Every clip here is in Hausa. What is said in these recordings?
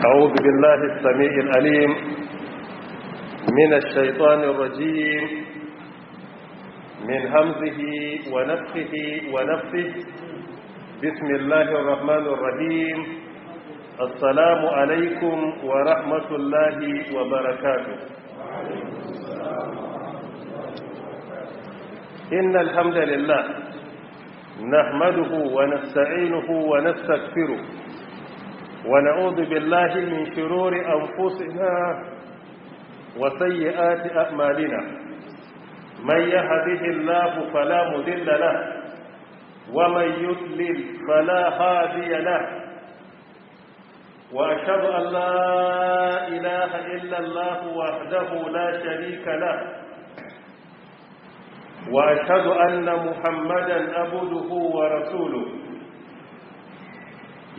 أعوذ بالله السميع الأليم من الشيطان الرجيم من همزه ونفخه ونفخه بسم الله الرحمن الرحيم السلام عليكم ورحمة الله وبركاته إن الحمد لله نحمده ونستعينه ونستغفره ونعوذ بالله من شرور أنفسنا وسيئات أعمالنا من يهده الله فلا مذل له ومن يضلل فلا هادي له وأشهد أن لا إله إلا الله وحده لا شريك له وأشهد أن محمدا عبده ورسوله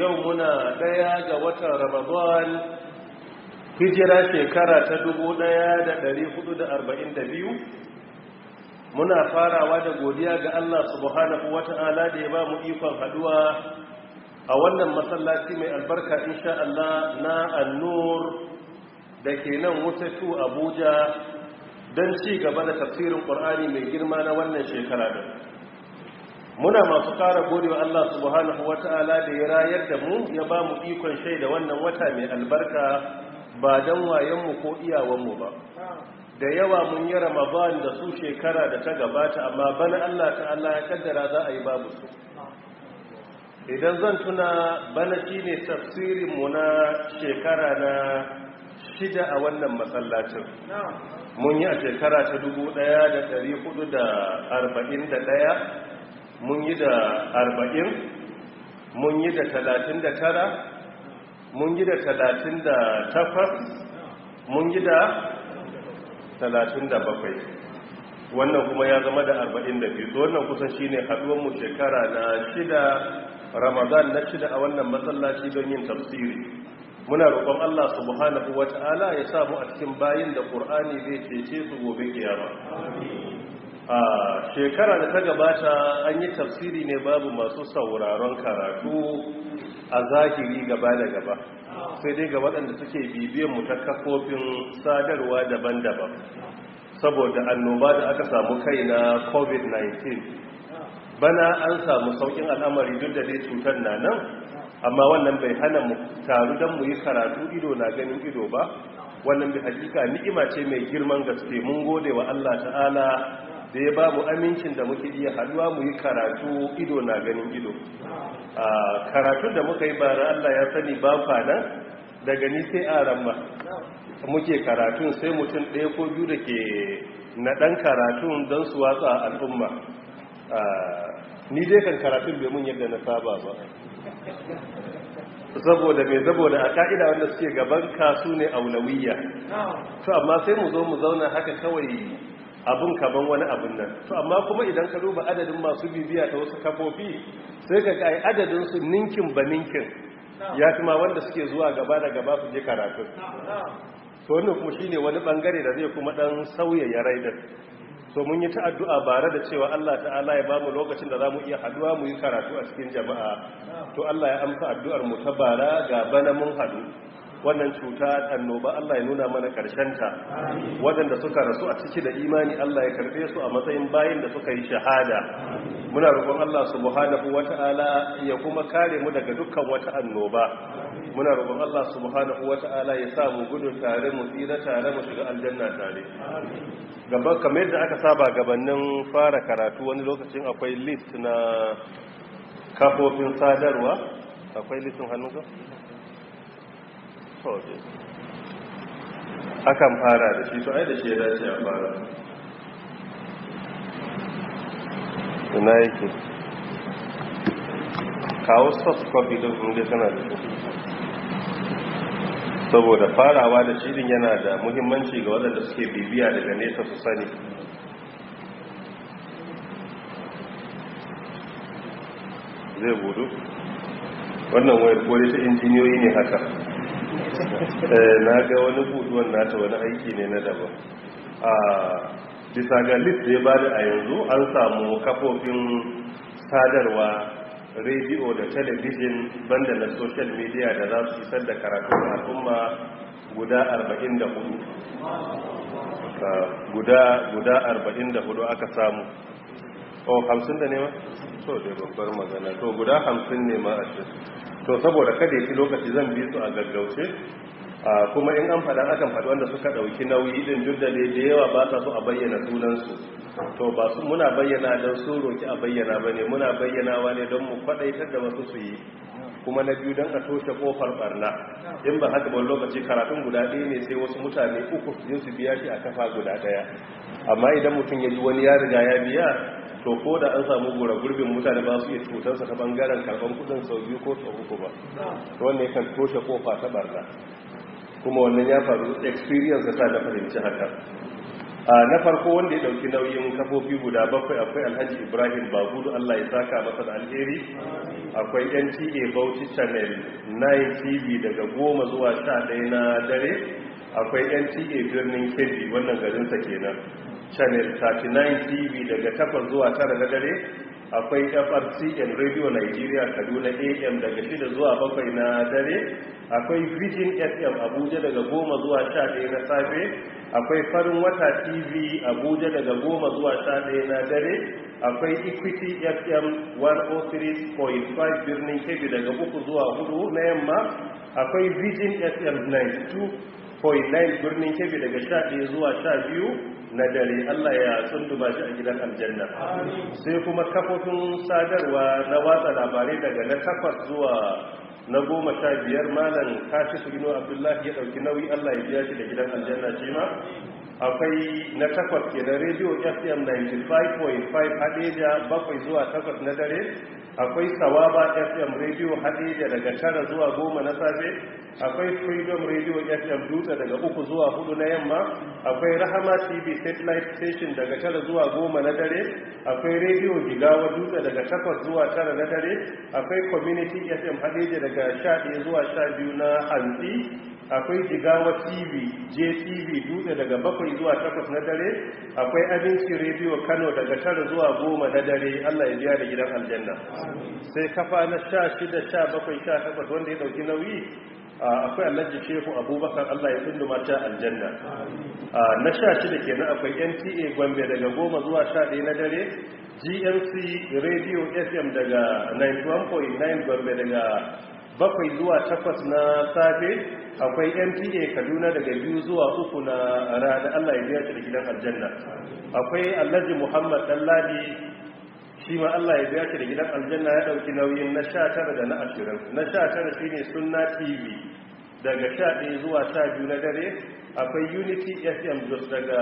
yau muna ɗaya ga watan ramadan hijira shekara ta 1442 muna farawa da godiya ga Allah subhanahu wata'ala da ya ba mu ikon haduwa a wannan masallaci mai albarka insha Allah na annur da ke nan tu abuja don ci gaba da tafsirin ƙur'ani mai girma na wannan shekara da muna masu ƙara wa Allah subhanahu ta'ala da ya rayar da mu ya ba mu ikon shaida wannan wata mai albarka ba don wayonmu ko iyawanmu ba da yawa mun yi ramadan da su shekara da ta gabata amma bana Allah ta'ala ya kaddara za a yi babu su idan zan tuna bana shine tafsirin mu na shekara na shida a wannan masallacin mun yi a shekara ta dubu da da da arba'in 1441 mun yi da arba'in mun yi da talatin da tara mun yi da talatin da takwas mun yi da talatin da bakwai wannan kuma ya zama da arba'in da biyu wannan kusan shi ne haduwanmu shekara na shida ramadan na shida a wannan matsalashi don yin tafsiri muna roƙon Allah subhanahu ta'ala ya samu a cikin bayin da ƙur'ani zai cece su gobe kiyama a shekara da ta gabata an yi tafsiri ne babu masu sauraron karatu a zahiri gaba da gaba sai dai ga waɗanda suke bibiyan mu ta kafofin sadarwa daban-daban saboda annoba da aka samu kai na covid-19 bana an samu saukin al'amari duk da dai cutar na nan amma wannan bai hana mu taru don mu yi karatu ido na ganin ido ba wannan bi hakika ni'ima ce mai girman gaske mun gode wa Allah ta'ala da ya ba mu amincin da muke iya haduwa mu yi karatu ido na ganin ido a karatun da muka yi bara Allah ya sani ba fana daga ni sai a ramma muke karatun sai mutum ɗaya ko biyu da ke na ɗan karatun don su watsa al'umma ni dai kan karatun bai mun yadda na saba ba saboda mai saboda a ka'ida wanda suke gaban kasu ne aulawiyya to amma sai mu zo mu zauna haka kawai abin kaban wani abin nan to amma kuma idan ka duba adadin masu bibiya ta wasu kafofi sai ka ga adadin su ninkin ba ninkin ya fi ma wanda suke zuwa gaba da gaba su je karatu. to wannan kuma shine wani bangare da zai kuma dan sauya ya raidar so mun yi ta addu'a bare da cewa Allah ta'ala ya bamu lokacin da zamu iya haduwa mu yi karatu a cikin jama'a to Allah ya amsa addu'ar mu ta bara ga bana mun hadu wannan cuta annoba Allah ya nuna mana karshen ta. waɗanda suka rasu a ciki da imani Allah ya karɓe su a matsayin bayin da suka yi shahada muna roƙon Allah subhanahu wata'ala ya kuma kare mu daga dukkan wata annoba muna roƙon Allah subhanahu wata'ala ya sa mu gudu tare mu tsira tare mu shiga aljanna tare gaba kamar yadda aka saba gabanin fara karatu wani lokacin akwai list na kafofin sadarwa akwai listin hannunka akan fara da shi to ai da shi ya dace a fara ina yake kawo soft don da kunga tana da shi saboda farawa da shirin yana da muhimmanci ga waɗanda suke bibiya daga nesa su sani zai budu wannan wayar kore ta injiniyoyi ne haka Eh, na ga wani buduwan nata wani aiki ne na daban a bisa ga list da ya bada a yanzu an samu kafofin sadarwa rediyo da talabijin banda na social media da za su isar da karatun al'umma guda 44 guda guda 44 aka samu o 50 da ne ma? so dai babbar magana to guda 50 ne ma a cikin to saboda kada ya lokaci zan bi su a gaggauce kuma in an faɗa akan faɗi wanda suka ɗauki nauyi ɗin duk da da yawa ba sa so a bayyana sunansu to ba su muna bayyana don su roki a bayyana ba ne muna bayyanawa ne don mu faɗaitar da wasu su yi kuma na biyu don a toshe kofar barna in ba haka ban lokaci karatun guda ɗaya ne sai wasu mutane uku su su biya shi a kafa guda ɗaya amma idan mutum ya ji wani ya riga ya biya to ko da an samu gura gurbin mutane ba su iya cutarsa ta bangaren karban kudin sau biyu ko sau uku ba wannan kan toshe kofa ta barna kuma wannan ya faru experience da ta na fahimci haka A na farko wanda ya dauki nauyin kafofi guda bakwai akwai alhaji ibrahim bagudu allah ya saka masa da alheri akwai nta bauchi channel 9 tv daga goma zuwa sha na dare akwai nta birnin kebbi wannan garinsa kenan channel 39 tv daga takwas zuwa tara na dare akwai frcn radio nigeria kaduna am daga shida zuwa bakwai na dare akwai vision fm abuja daga goma zuwa sha ɗaya na safe akwai farin wata tv abuja daga goma zuwa sha ɗaya na dare akwai equity fm 103.5 birnin kebbi daga uku zuwa hudu na yamma akwai vision fm 92.9 birnin kebbi daga sha ɗaya zuwa sha biyu na dare Allah ya tsunduma shi a gidan aljanna sai kuma kafofin sadarwa na watsa labarai daga na takwas zuwa na goma sha biyar malam kashi su gino abdullahi ya ɗauki nauyi Allah ya biya shi da gidan aljanna shi ma akwai na takwas ke da rediyo fm 95.5 da bakwai zuwa takwas na dare akwai sawaba fm radio hadeja daga tara zuwa goma na safe akwai freedom radio fm dutse daga uku zuwa hudu na yamma akwai rahama tv satellite station daga tara zuwa goma na dare akwai radio gigawa dutse daga takwas zuwa tara na dare akwai community fm hadeja daga sha zuwa sha biyu na hantsi akwai jigawa tv jtv dutse daga bakwai zuwa takwas na dare akwai abinci rediyo kano daga tara zuwa goma na dare allah ya biya da gidan aljanna sai kafa na sha shida sha bakwai sha takwas wanda ya dauki nauyi akwai alhaji shehu abubakar allah ya tsundu mata aljanna na sha shida kenan akwai nta gombe daga goma zuwa sha ɗaya na dare gmc radio fm daga 91.9 gombe daga bakwai zuwa takwas na safe akwai mta kaduna daga biyu zuwa uku na rana allah ya biya da gidan aljanna akwai allaji muhammad dalladi shi ma allah ya biya da gidan aljanna ya ɗauki nauyin na sha tara da na ashirin na sha tara shi ne sunna tv daga sha ɗaya zuwa sha biyu na dare akwai unity fm jos daga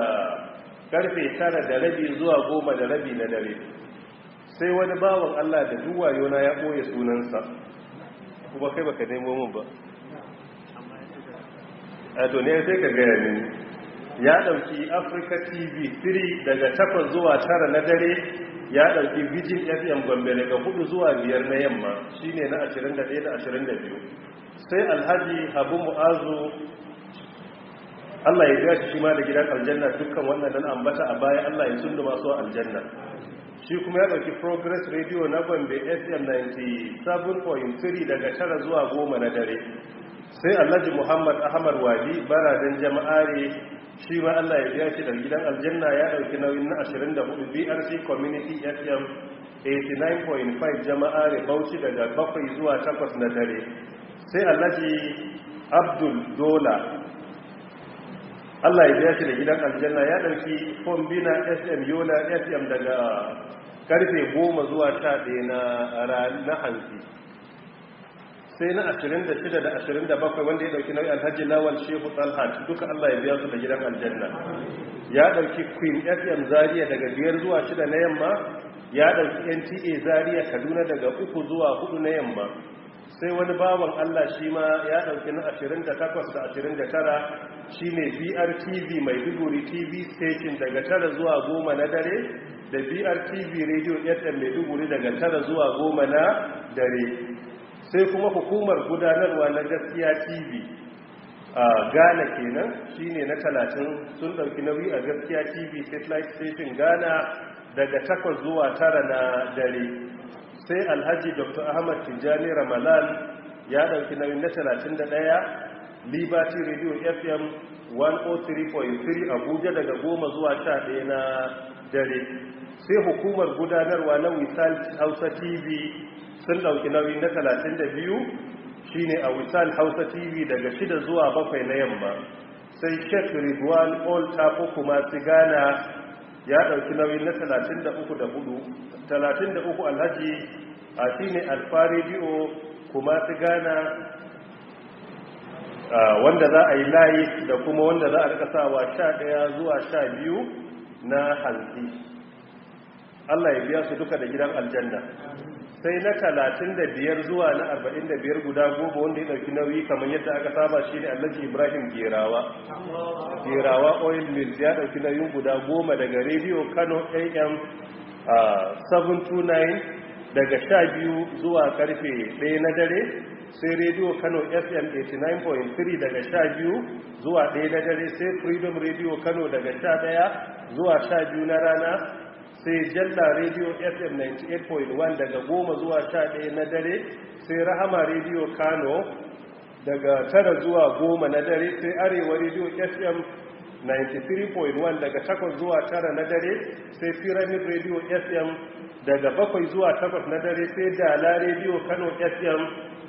karfe tara da rabi zuwa goma da rabi na dare sai wani bawan allah da na ya ɓoye sunansa kuma kai baka nemo mun ba a to ne sai ka gaya mini ya dauki Africa TV 3 daga 8 zuwa 9 na dare ya dauki Virgin FM Gombe daga 4 zuwa 5 na yamma shine na 21 da 22 sai Alhaji Habu Mu'azu Allah ya biya shi shi ma da gidan aljanna dukkan wannan dan ambata a baya Allah ya sundu masu aljanna shi kuma ya ɗauki progress radio na gombe fm 97.3 daga tara zuwa goma na dare sai alhaji muhammad ahmad wali baradin ne shi ma allah ya biya shi da gidan aljanna ya ɗauki nauyin na 24 brc community fm 89.5 ne bauchi daga bakwai zuwa takwas na dare sai alhaji abdul dola Allah ya biya shi da gidan aljanna ya dauki kombina SM Yola SM daga karfe 10 zuwa 11 na na hanzi sai na 26 da 27 wanda ya dauki nauyin Alhaji Lawal Shehu Talha duka Allah ya biya su da gidan aljanna ya dauki Queen SM Zaria daga 5 zuwa 6 na yamma ya dauki NTA Zaria Kaduna daga 3 zuwa 4 na yamma sai wani bawan Allah shi ma ya ɗauki na 28 da 29 shi ne brtv mai duguri tv station daga tara zuwa goma na dare da brtv radio fm mai duguri daga tara zuwa goma na dare sai kuma hukumar gudanarwa na gaskiya tv a ghana kenan shi ne na 30 sun ɗauki nauyi a gaskiya tv satellite station ghana daga takwas zuwa tara na dare sai alhaji dr ahmad tijjani ramalan ya ɗauki nauyin na 31 liberty radio fm 103.3 abuja daga goma zuwa 11 na dare sai hukumar gudanarwa na wisal hausa tv sun ɗauki nauyin na 32 shine a wisal hausa tv daga shida zuwa bakwai na yamma sai shek ridwan old tapo kuma sigana ya ɗauki nauyin na 33 da 4 33 alhaji a shi ne alfari biyo kuma su gana wanda za a yi layi da kuma wanda za a rikasawa 11 zuwa 12 na halittu Allah ya biya su duka da gidan aljanna sai na talatin da biyar zuwa na arba'in da biyar guda goma wanda ya ɗauki nauyi kamar yadda aka saba shi ne Allah ibrahim gerawa gerawa oil mill ya ɗauki nauyin guda goma daga radio kano am 729 daga sha biyu zuwa karfe ɗaya na dare sai radio kano fm 89.3 daga sha biyu zuwa ɗaya na dare sai freedom radio kano daga sha ɗaya zuwa sha biyu na rana sai jalla radio fm 98.1 daga goma zuwa sha ɗaya na dare sai rahama radio kano daga tara zuwa goma na dare sai arewa radio fm 93.1 daga takwas zuwa tara na dare sai pyramid radio fm daga bakwai zuwa takwas na dare sai da la rediyo kano fm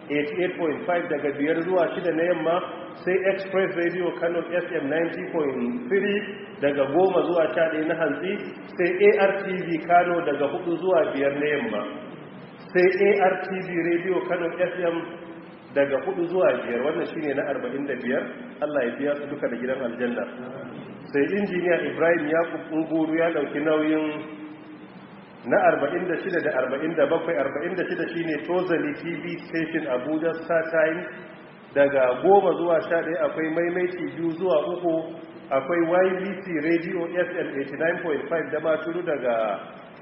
88.5 daga biyar zuwa shida na yamma sai express radio kano fm 90.3 daga goma zuwa sha ɗaya na hantsi sai artv kano daga hudu zuwa biyar na yamma sai artv radio kano fm daga hudu zuwa biyar wannan shine na arba'in da biyar allah ya biya su duka da gidan aljanna sai injiniya ibrahim ya unguru ya ɗauki nauyin na 46 da 47 46 shine tozali tv station abuja star time daga goma zuwa 11 akwai maimaiti biyu zuwa uku akwai ybc radio fm 89.5 da maturu daga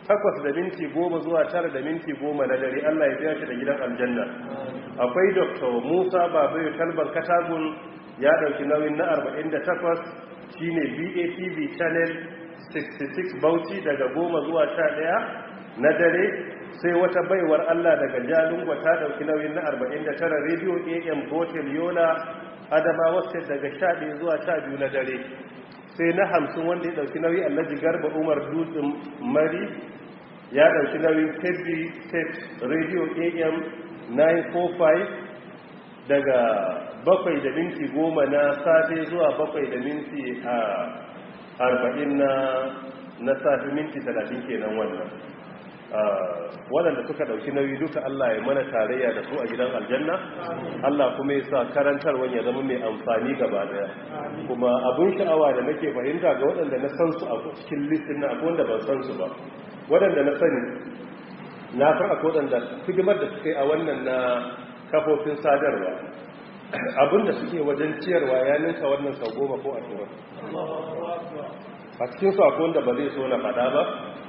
takwas da minti goma zuwa tara da minti goma na dare allah ya biya shi da gidan aljanna akwai dr musa Babu kalbar katagun ya ɗauki nauyin na 48 shine batv channel 66 bauchi daga goma zuwa sha ɗaya na dare sai wata baiwar allah daga jalungwa ta ɗauki nauyin na 49 rediyo am Botel yola adamawa state daga sha zuwa sha biyu na dare sai na hamsin wanda ya ɗauki nauyi alhaji garba umar dutsen mari ya ɗauki nauyin kebbi state radio am 945 daga bakwai da minti goma na safe zuwa bakwai da minti a ah, arba'in na safi minti talatin kenan wannan ah, waɗanda suka ɗauki nauyi duka Allah ya mana tarayya da su a gidan aljanna Allah kuma ya sa karantarwar ya zama mai amfani gaba daya kuma abin sha'awa da nake fahimta ga waɗanda na san su a cikin listin na abuwan da ban san su ba waɗanda na sani na fara waɗanda hidimar da suke a wannan na kafofin sadarwa abin da suke wajen ciyarwa ya ninka wannan sau goma ko ashirin a cikin su akwai wanda ba zai so na faɗa ba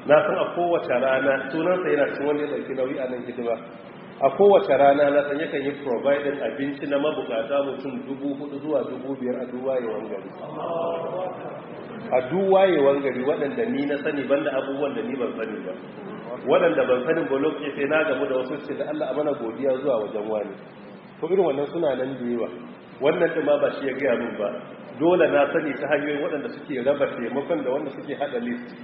na san a kowace rana sunansa yana cikin wani ɗauki nauyi a nan hidima a kowace rana na san yakan yi providing abinci na mabukata mutum dubu hudu zuwa dubu biyar a duwayewan gari a duwayewan gari waɗanda ni na sani ban da abubuwan da ni ban sani ba waɗanda ban sani ba lokaci sai na gamu da wasu ce da Allah a mana godiya zuwa wajen wani to irin wannan suna nan da yawa wannan ɗin ma ba shi ya gaya min ba dole na sani ta hanyoyin waɗanda suke raba taimakon da wanda suke haɗa list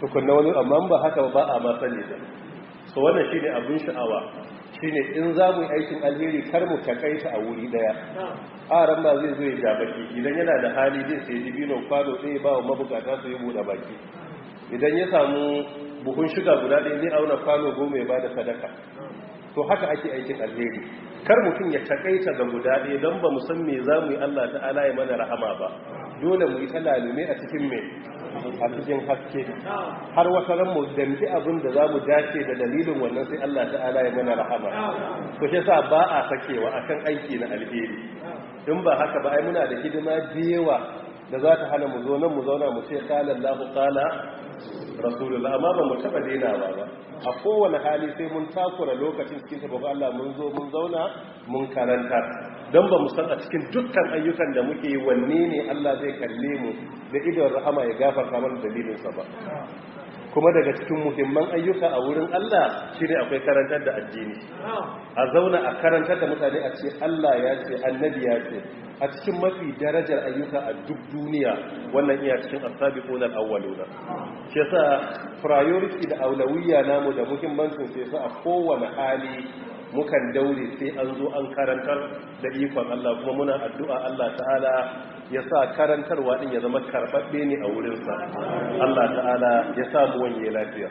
tukunna wani amma ba haka ba a ma sani da so wannan shine abin sha'awa Shi ne in za mu yi aikin alheri kar mu ta a wuri daya ran ba zai zo ya ja baki idan yana da hali zai sai dibino kwado ɗaya ba wa mabukata su yi buɗe baki idan ya samu buhun shiga guda ɗaya zai auna kwano goma ya ba da sadaka to haka ake aikin alheri kar mutum ya takaita ga guda ɗaya don ba mu san me za mu yi Allah ta'ala ya mana rahama ba dole mu yi ta a cikin mai a cikin haske har wata ran mu dambi abin da za mu dace da dalilin wannan sai Allah ta'ala ya mana rahama ko shi sa ba a sakewa akan aiki na alheri in ba haka ba ai muna da hidima da da za ta hana mu zo nan mu zauna mu ce qala Allahu qala rasulullah amma ba mu taba dainawa ba a kowane hali sai mun takura lokacin cikin sabon Allah mun zo mun zauna mun karanta don ba mu san a cikin dukkan ayyukan da muke yi wanne ne Allah zai kalle mu da idon rahama ya gafarta mana dalilinsa ba kuma daga cikin muhimman ayyuka a wurin Allah shi ne akwai karantar da addini a zauna a karantar da mutane a ce Allah ya ce annabi ya ce a cikin mafi darajar ayyuka a duk duniya wannan iya cikin ko nan awwaluna shi yasa priority da aulawiyya namu da muhimmancin sai su a kowane hali mukan daure sai an zo an karantar da ikon Allah kuma muna addu'a Allah ta'ala ya sa karantarwa din ya zama karɓaɓɓe ne a wurinsa Allah ta'ala ya sa mu wanye lafiya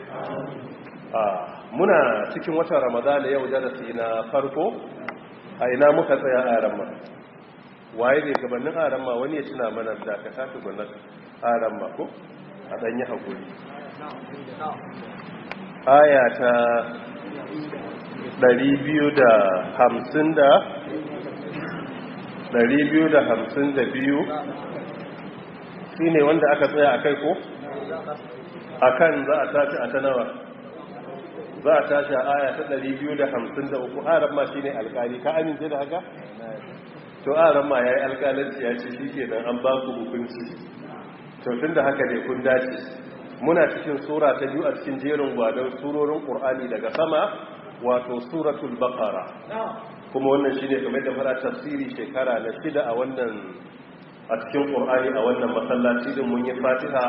muna cikin watan ramadana yau darasi na farko a ina muka tsaya a ramma waye ne gabanin a wani ya tuna mana da ka tafi gwanar a ramma ko a ɗanyi haƙuri aya ta biyu shi ne wanda aka tsaya a kai ko? a kan za a tashi a tanawa za a tashi a aya ta 253 aram ma shi ne alkali ka amince da haka? to aram ma ya yi alkalanci ya ce shi don an ba ku hukunci to tun da haka ne kun dace muna cikin tsora ta biyu a cikin jerin gwadon surorin ƙorani daga sama wato suratul baqara kuma wannan shine kamar da fara tafsiri shekara na shida a wannan a cikin qur'ani a wannan masallaci din mun yi fatiha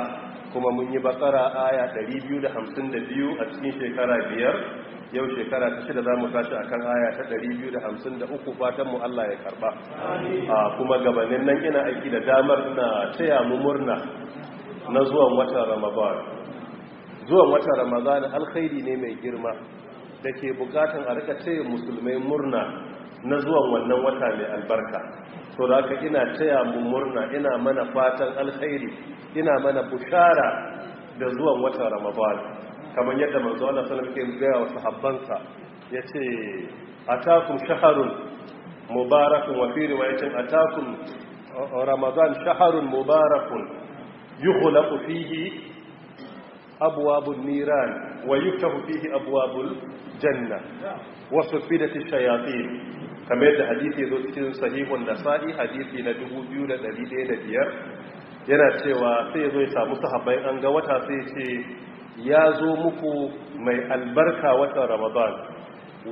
kuma mun yi baqara aya 252 a cikin shekara biyar yau shekara ta shida zamu tashi akan aya ta 253 fatan mu Allah ya karba kuma gabanin nan ina aiki da damar na taya mu murna na zuwan watan ramadan zuwan watan ramadan alkhairi ne mai girma da ke bukatan a rika ce musulmai murna na zuwan wannan wata mai albarka to da haka ina taya mu murna ina mana fatan alkhairi ina mana bushara da zuwan watan ramadan kamar yadda manzo Allah sallallahu alaihi wasallam ya wa sahabbansa yace atakum shahrun mubarakun wa fi riwayatin atakum ramadan shahrun mubarakun yukhlaqu fihi abwabun niran wa yuftahu fihi abwabul janna wa da ash-shayatin kamar da hadisi yazo cikin sahihun nasa'i hadisi na biyar. yana cewa sai zai ya samu sahabbai an ga wata sai ya ce ya zo muku mai albarka watan ramadan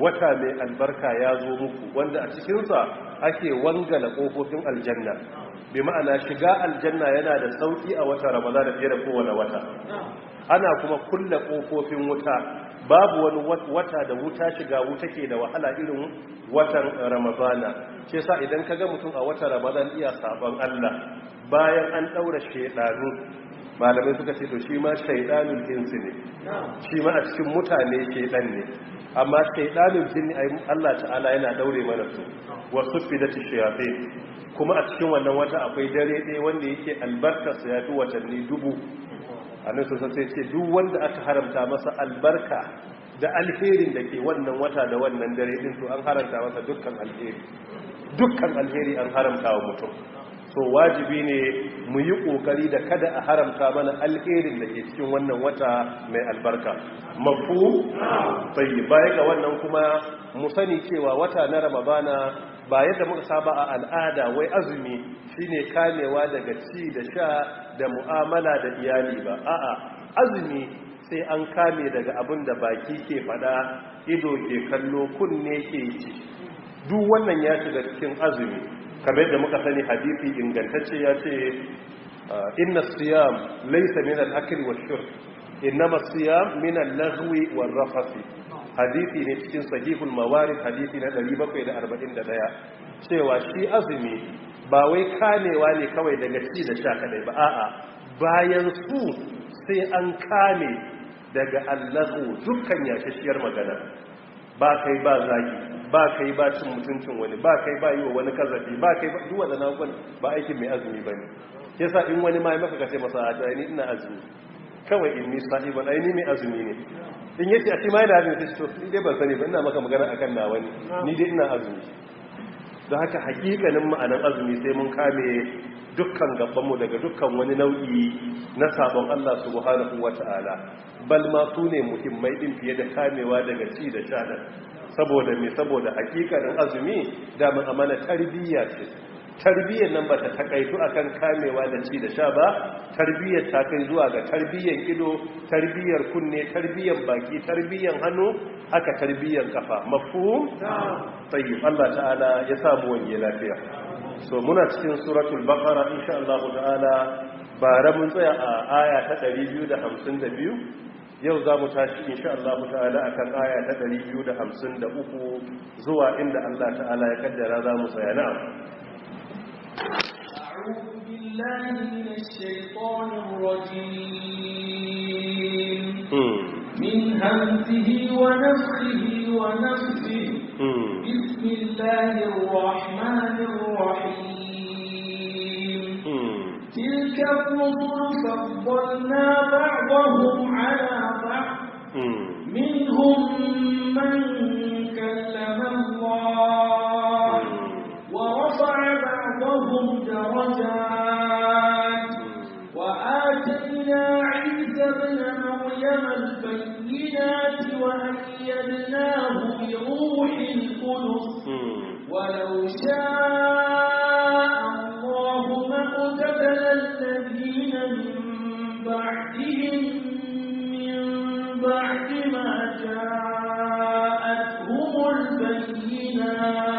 wata mai albarka ya zo muku wanda a cikinsa ake wangala ƙofofin aljanna bi ma'ana shiga aljanna yana da sauƙi a wata ramadan da fiye da kowane wata ana kuma kulle ƙofofin wuta babu wani wata da wuta shiga wuta ke da wahala irin watan ramadana ce sa idan ka ga mutum a wata ramadana iya sabon allah bayan an ɗaura shaidanu malamai suka ce to shi ma shaidanun insu ne shi ma a cikin mutane shaidan ne amma shaidanin jinni Allah ta'ala yana daure mana su wasu fidati shayatin kuma a cikin wannan wata akwai dare ɗaya wanda yake albarka su ya fi watanni dubu a nan sosai sai ce duk wanda aka haramta masa albarka da alherin da ke wannan wata da wannan dare din to an haramta masa dukkan alheri dukkan alheri an haramta wa mutum To wajibi ne mu yi ƙoƙari da kada a haramta mana alherin da ke cikin wannan wata mai albarka mafu sai baya ga wannan kuma mu sani cewa wata na ramabana ba yadda muka saba a al'ada wai azumi shine kamewa daga ci da sha da mu'amala da iyali ba a'a azumi sai an kame daga abin da baki ke fada ido ke kallo kunne ke ci duk wannan ya shiga cikin azumi kamar yadda muka sani hadisi ingantacce ya ce ah, inna siyam laysa min al-akli wa shurb innama siyam min al-laghwi wa rafasi hadisi ne cikin sahihul mawarid hadisi na 741 cewa shi azumi ba wai kamewa ne kawai daga ci da sha kadai ba a'a bayan su sai an kame daga allahu dukkan yashashiyar magana ba kai ba zaki. ba kai ba cin mutuncin wani ba kai ba yi wa wani kazafi ba kai ba duk waɗannan abubuwan ba aikin mai azumi ba ne sa in wani ma yi maka kace masa a ni ina azumi kawai in ni sa'i ba ni mai azumi ne in yake a ce mai da azumi to in dai ban sani ba ina maka magana akan na wani ni dai ina azumi don haka hakikanin ma'anar azumi sai mun kame dukkan gabanmu daga dukkan wani nau'i na sabon Allah subhanahu ta'ala bal ma su ne muhimmai din fiye da kamewa daga ci da sha saboda me saboda hakikanin azumi daman amana tarbiyya ce tarbiyyar nan ba ta takaitu akan kamewa da ci da sha ba tarbiyyar ta kai zuwa ga tarbiyyar ido tarbiyyar kunne tarbiyyar baki tarbiyyar hannu haka tarbiyyar kafa mafhum tsayi Allah ta'ala ya samu wani lafiya so muna cikin suratul bakara insha Allah ta'ala ra mun tsaya a aya ta 252 yau za mu tashi insha Allah ta'ala a kan aya ta 253 zuwa inda Allah ta'ala ya kaddara za mu tsaya na abu من همسه ونفسه ونفسه بسم الله الرحمن الرحيم تلك الرسل فضلنا بعضهم على منهم من كلم الله ورفع بعضهم درجات وآتينا عيسى ابن مريم البينات وأيدناه بروح القدس ولو شاء إِلَّا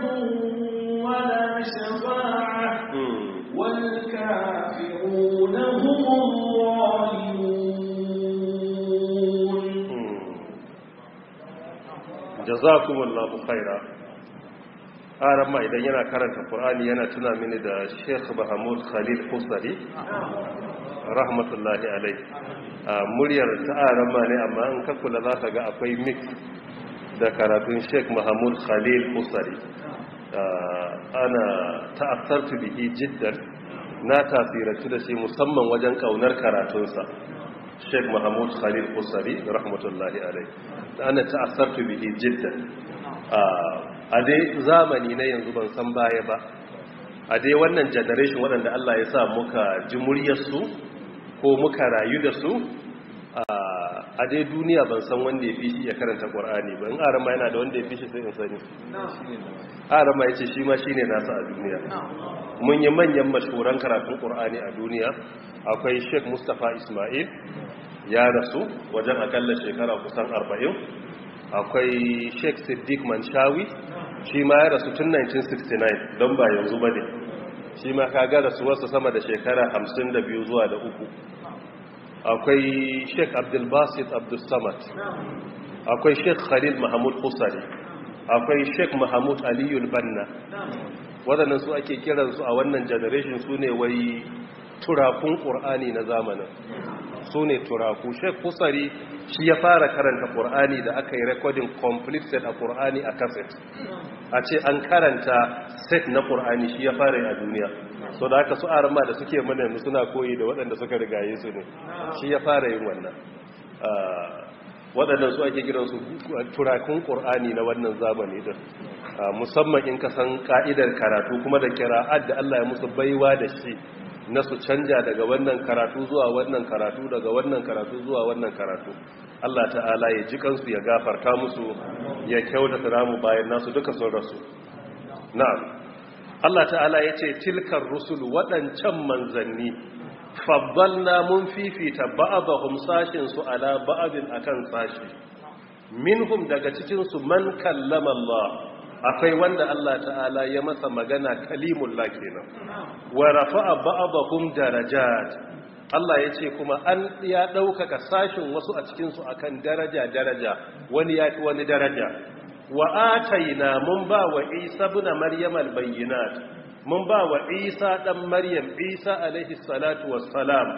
ولا شفاعة والكافرون هم الظالمون جزاكم الله خيرا ma idan yana karanta ƙorani yana tuna mini da Sheikh Bahamud Khalil Husari rahmatullahi alaihi muryar ta arama ne amma in ka kula za ka ga akwai mix da karatun Sheikh Mahmud Khalil Husari ana ta'assartu bihi jiddan na tasirantu da shi musamman wajen kaunar sa, Sheikh Mahmud Khalil Qusari rahmatullahi alayhi ana ta'assartu bihi jiddan a dai zamani na yanzu ban san baya ba a dai wannan generation waɗanda Allah ya sa muka ji muryarsu ko muka rayu da su a a dai duniya ban san wanda ya fi shi ya karanta ƙwar'ani ba in arama yana da wanda ya fi shi sai in sani arama ya ce shi ma shi ne nasa a duniya mun yi manyan mashhuran karatun ƙwar'ani a duniya akwai sheik mustapha ismail ya rasu wajen akalla shekara kusan arba'in akwai sheik siddiq manshawi shi ma ya rasu tun 1969 don ba yanzu ba ne shi ma ka ga rasuwarsa sama da shekara 52 zuwa da uku akwai sheik abdulbasit abdulsamad akwai sheik khalil mahamud husari akwai sheik mahamud aliyul banna waɗannan su ake kiransu a wannan generation su ne wai turakun ƙur'ani na zamanin su ne turaku sheik husari shi ya fara karanta ƙur'ani da aka yi rekodin complete set a ƙur'ani a kaset a ce an karanta set na ƙur'ani shi ya fara yi a duniya so da aka su arama da suke mana yanzu suna koyi da waɗanda suka rigaye su ne shi ya fara yin wannan ah, waɗannan su ake gidansu turakun ƙur'ani na wannan zamani da ah, musamman in ka san ka'idar karatu kuma da kira'ad da Allah ya musu baiwa da shi na su canja daga wannan karatu zuwa wannan karatu daga wannan karatu zuwa wannan karatu Allah ta'ala ya ji kansu ya gafarta musu ya kyautata namu bayan nasu duka sun rasu na'am Allah ta'ala ya ce tilkar rusul waɗancan manzanni fabbal namun fifita sashin su ala ba'abin akan sashi minhum daga cikinsu man kallama akwai wanda Allah ta'ala ya masa magana kalimullah kenan wa rafa'a ba'abahun darajat Allah ya ce kuma an ya ɗaukaka sashin wasu a cikinsu akan daraja daraja wani ya fi wani daraja wa ataina mun ba wa isa ibn maryam albayyinat mun ba wa isa dan maryam isa alaihi salatu wassalam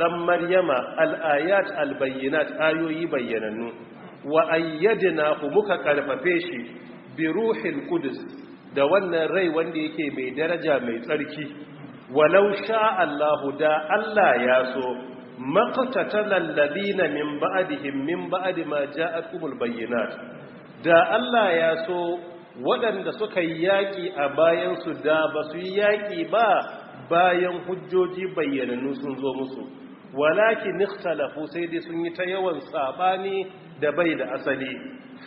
dan maryama alayat albayyinat ayoyi bayyanannu wa ayyadnahu muka karfafe shi bi ruhil qudus da wannan rai wanda yake mai daraja mai tsarki walau sha Allahu da Allah ya so maqtatalan ladina min ba'dihim min ba'di ma ja'atuhul bayyinat da Allah ya so waɗanda suka yi yaƙi a bayansu da ba su yi yaƙi ba bayan hujjoji bayyanannu sun zo musu walaki nikhtalafu sai dai sun yi ta yawan saɓani da bai da asali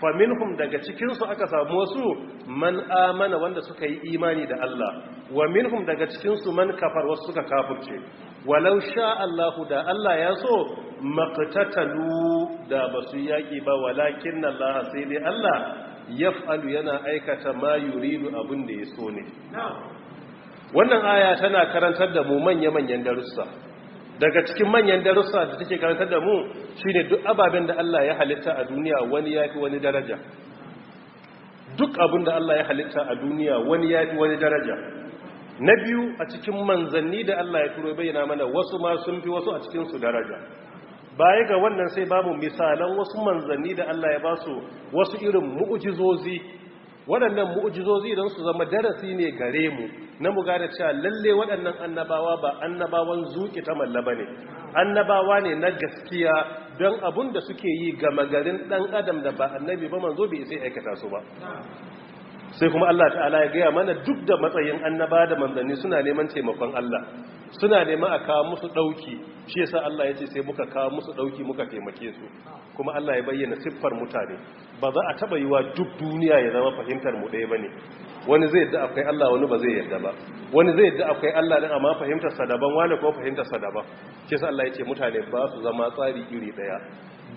faminhum daga cikinsu aka samu wasu man amana wanda suka yi imani da Allah wa minhum daga cikinsu man kafar wasu suka kafirce walau sha Allahu da Allah ya so maqtatalu da basu yaki ba walakin Allah sai dai Allah yaf'alu yana aikata ma yuridu abin da ya so ne wannan aya tana karantar da mu manya-manyan darussa daga cikin manyan darussa da take karantar da mu shine duk ababen da Allah ya halitta a duniya wani yafi wani daraja duk abin da Allah ya halitta a duniya wani yafi wani daraja na biyu a cikin manzanni da Allah ya turo bayyana mana wasu ma sun fi wasu a cikin su daraja baya ga wannan sai babu misalan wasu manzanni da Allah ya basu wasu irin mu'jizozi waɗannan mu'ujizozi don su zama darasi ne gare mu na mu gane cewa lalle waɗannan annabawa ba annabawan zuƙi ta malla ne annabawa ne na gaskiya don abun da suke yi gama garin ɗan adam da ba annabi ba manzo bai sai aikata su ba sai kuma Allah ta'ala ya gaya mana duk da matsayin annaba da manzanni suna neman taimakon Allah suna neman a kawo musu dauki shi yasa Allah ya ce sai muka kawo musu dauki muka taimake su kuma Allah ya bayyana siffar mutane ba za a taba yiwa duk duniya ya zama fahimtar mu ɗaya bane wani zai yadda akwai Allah wani ba zai yadda ba wani zai yadda akwai Allah din amma fahimtar sa daban wani ko fahimtar sa daban shi yasa Allah ya ce mutane ba su zama tsari iri daya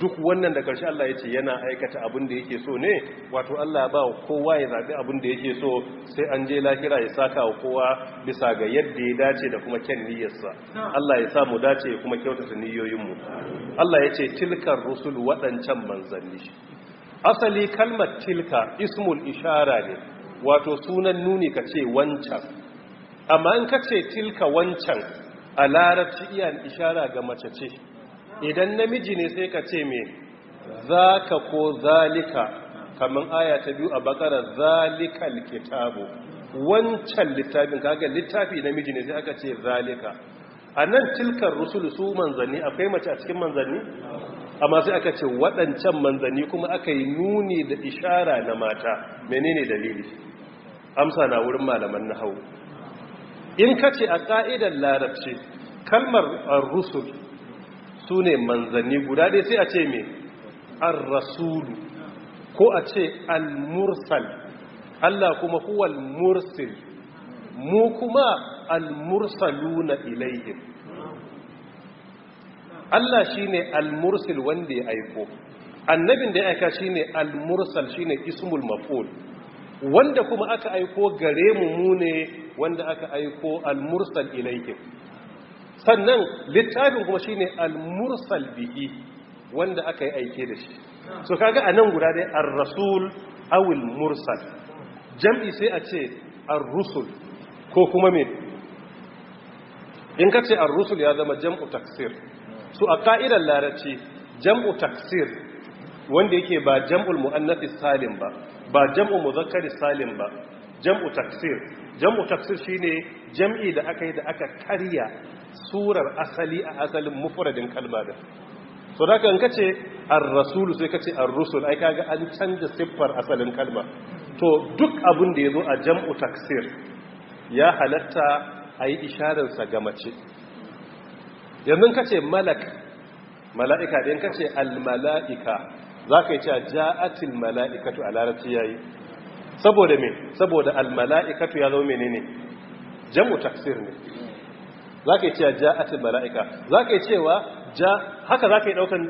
duk wannan da karshe Allah ya ce yana aikata abin da yake so ne wato Allah ba kowa ya zaɓi abin da yake so sai an je lahira ya saka wa kowa bisa ga yadda ya dace da kuma kyan niyyarsa Allah ya samu dace ya kuma kyautata niyoyinmu Allah ya ce tilkar rusul waɗancan manzanni asali kalmar tilka ismul ishara ne wato sunan nuni ka ce wancan amma in ka ce tilka wancan a larabci iyan ishara ga mace ce idan namiji ne sai ka ce me zaka ko zalika kamar aya ta biyu a bakara zalikal kitabu wancan littafin kaga littafi namiji ne sai aka ce zalika a nan tilkar rusul su manzanni akwai mace a cikin manzanni amma sai aka ce waɗancan manzanni kuma aka yi nuni da ishara na mata menene dalili amsa na wurin malaman na hau in ka ce a ƙa'idar larabci kalmar rusul su ne manzanni guda dai sai a ce me ar-rasulu ko a ce al-mursal Allah kuma huwal mursil mu kuma al na ilayhim Allah shine al-mursil wanda ya aiko annabin da ya aika shine al-mursal shine ismul maf'ul wanda kuma aka aiko gare mu mu ne wanda aka aiko al-mursal sannan littafin kuma shine al-mursal bihi wanda aka yi aike da shi so kaga anan guda dai ar-rasul aw al-mursal jam'i sai a ce ar-rusul ko kuma me in ka ce ar-rusul ya zama jam'u taksir so a ka'idar larabci jam'u taksir wanda yake ba jam'ul muannath salim ba ba jam'u muzakkar salim ba jam'u taksir jam'u taksir shine jam'i da aka yi da aka karya surar asali a asalin mufradin kalma da so da kan kace ar-rasulu sai kace ar-rusul ai kaga an canza siffar asalin kalma to duk abun da yazo a jam'u taksir ya halatta ayi isharar sa ga mace yanzu kace malak mala'ika din kace al-mala'ika zaka yi cewa ja'atil mala'ikatu a larabci yayi saboda mai saboda almala'ikatu ya zo ne, jamu taksir ne za ka yi cewa ja'atul mala'ika za ka yi cewa ja haka za ka yi daukan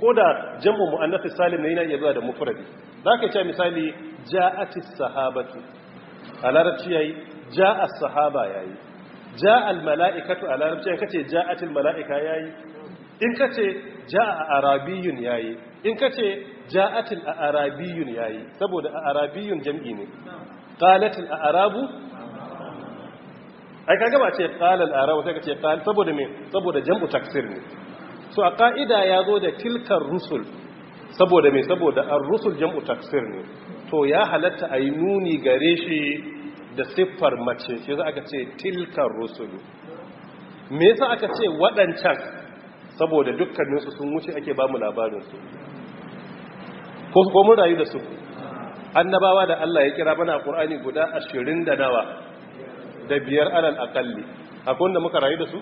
ko da jamu mu'annafi salim na yana iya zuwa da mufuradi za ka yi cewa misali ja ja'atis sahabatu a larabci ja a sahaba ya Ja ja'al mala'ikatu a larabci ja a ja'atul mala'ika ya yi. in ka ce Arabiyun ya yi in kace. جاءت a ياي yayi saboda a arabiyun jam'i ne qalatil a arabu ai kaga ba ce qalal arabu sai ka ce qal saboda me saboda jam'u taksir ne so a ka'ida ya zo da tilkar rusul saboda me saboda rusul jam'u taksir ne to ya halatta ayi nuni gare shi da siffar mace shi za aka ce tilkar rusulu me yasa aka ce waɗancan saboda dukkaninsu sun wuce ake ba mu labarinsu ko su rayu da su annabawa da Allah ya kira mana Qur'ani guda 20 da nawa da biyar alal akalli akwai wanda muka rayu da su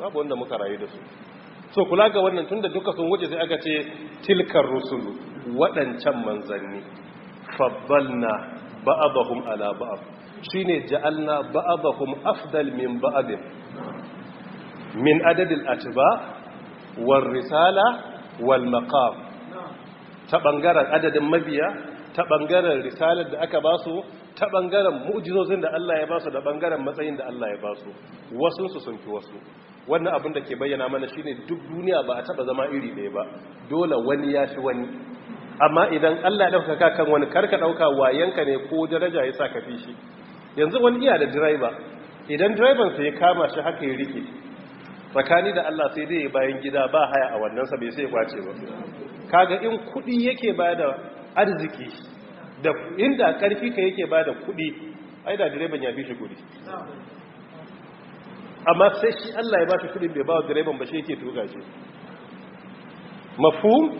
babu wanda muka rayu da su so kula ga wannan tunda duka sun wuce sai aka ce tilkar rusulu waɗancan manzanni faddalna ba'adahum ala ba'ad shine ja'alna ba'adahum afdal min ba'adin min adadil atba wal risala wal maqam ta ɓangaren adadin mabiya ta ɓangaren risalar da aka basu ta ɓangaren mu'jizozin da Allah ya basu da ɓangaren matsayin da Allah ya basu wasu su sun fi wasu wannan abin da ke bayyana mana shine duk duniya ba a taba zama iri ɗaya ba dole wani ya fi wani amma idan Allah ya ka kan wani karka ɗauka wayanka ne ko daraja ya sa ka fi shi yanzu wani iya da direba idan direban sai ya kama shi haka ya rike tsakani da Allah sai dai bayan gida ba haya a wannan sa bai sai kwace ba kaga in kudi yake bada arziki da inda karfi ka yake bada kudi ai da direban ya bishi kudi amma sai shi Allah ya ba shi kudin bai ba direban ba shi yake tuga shi mafhum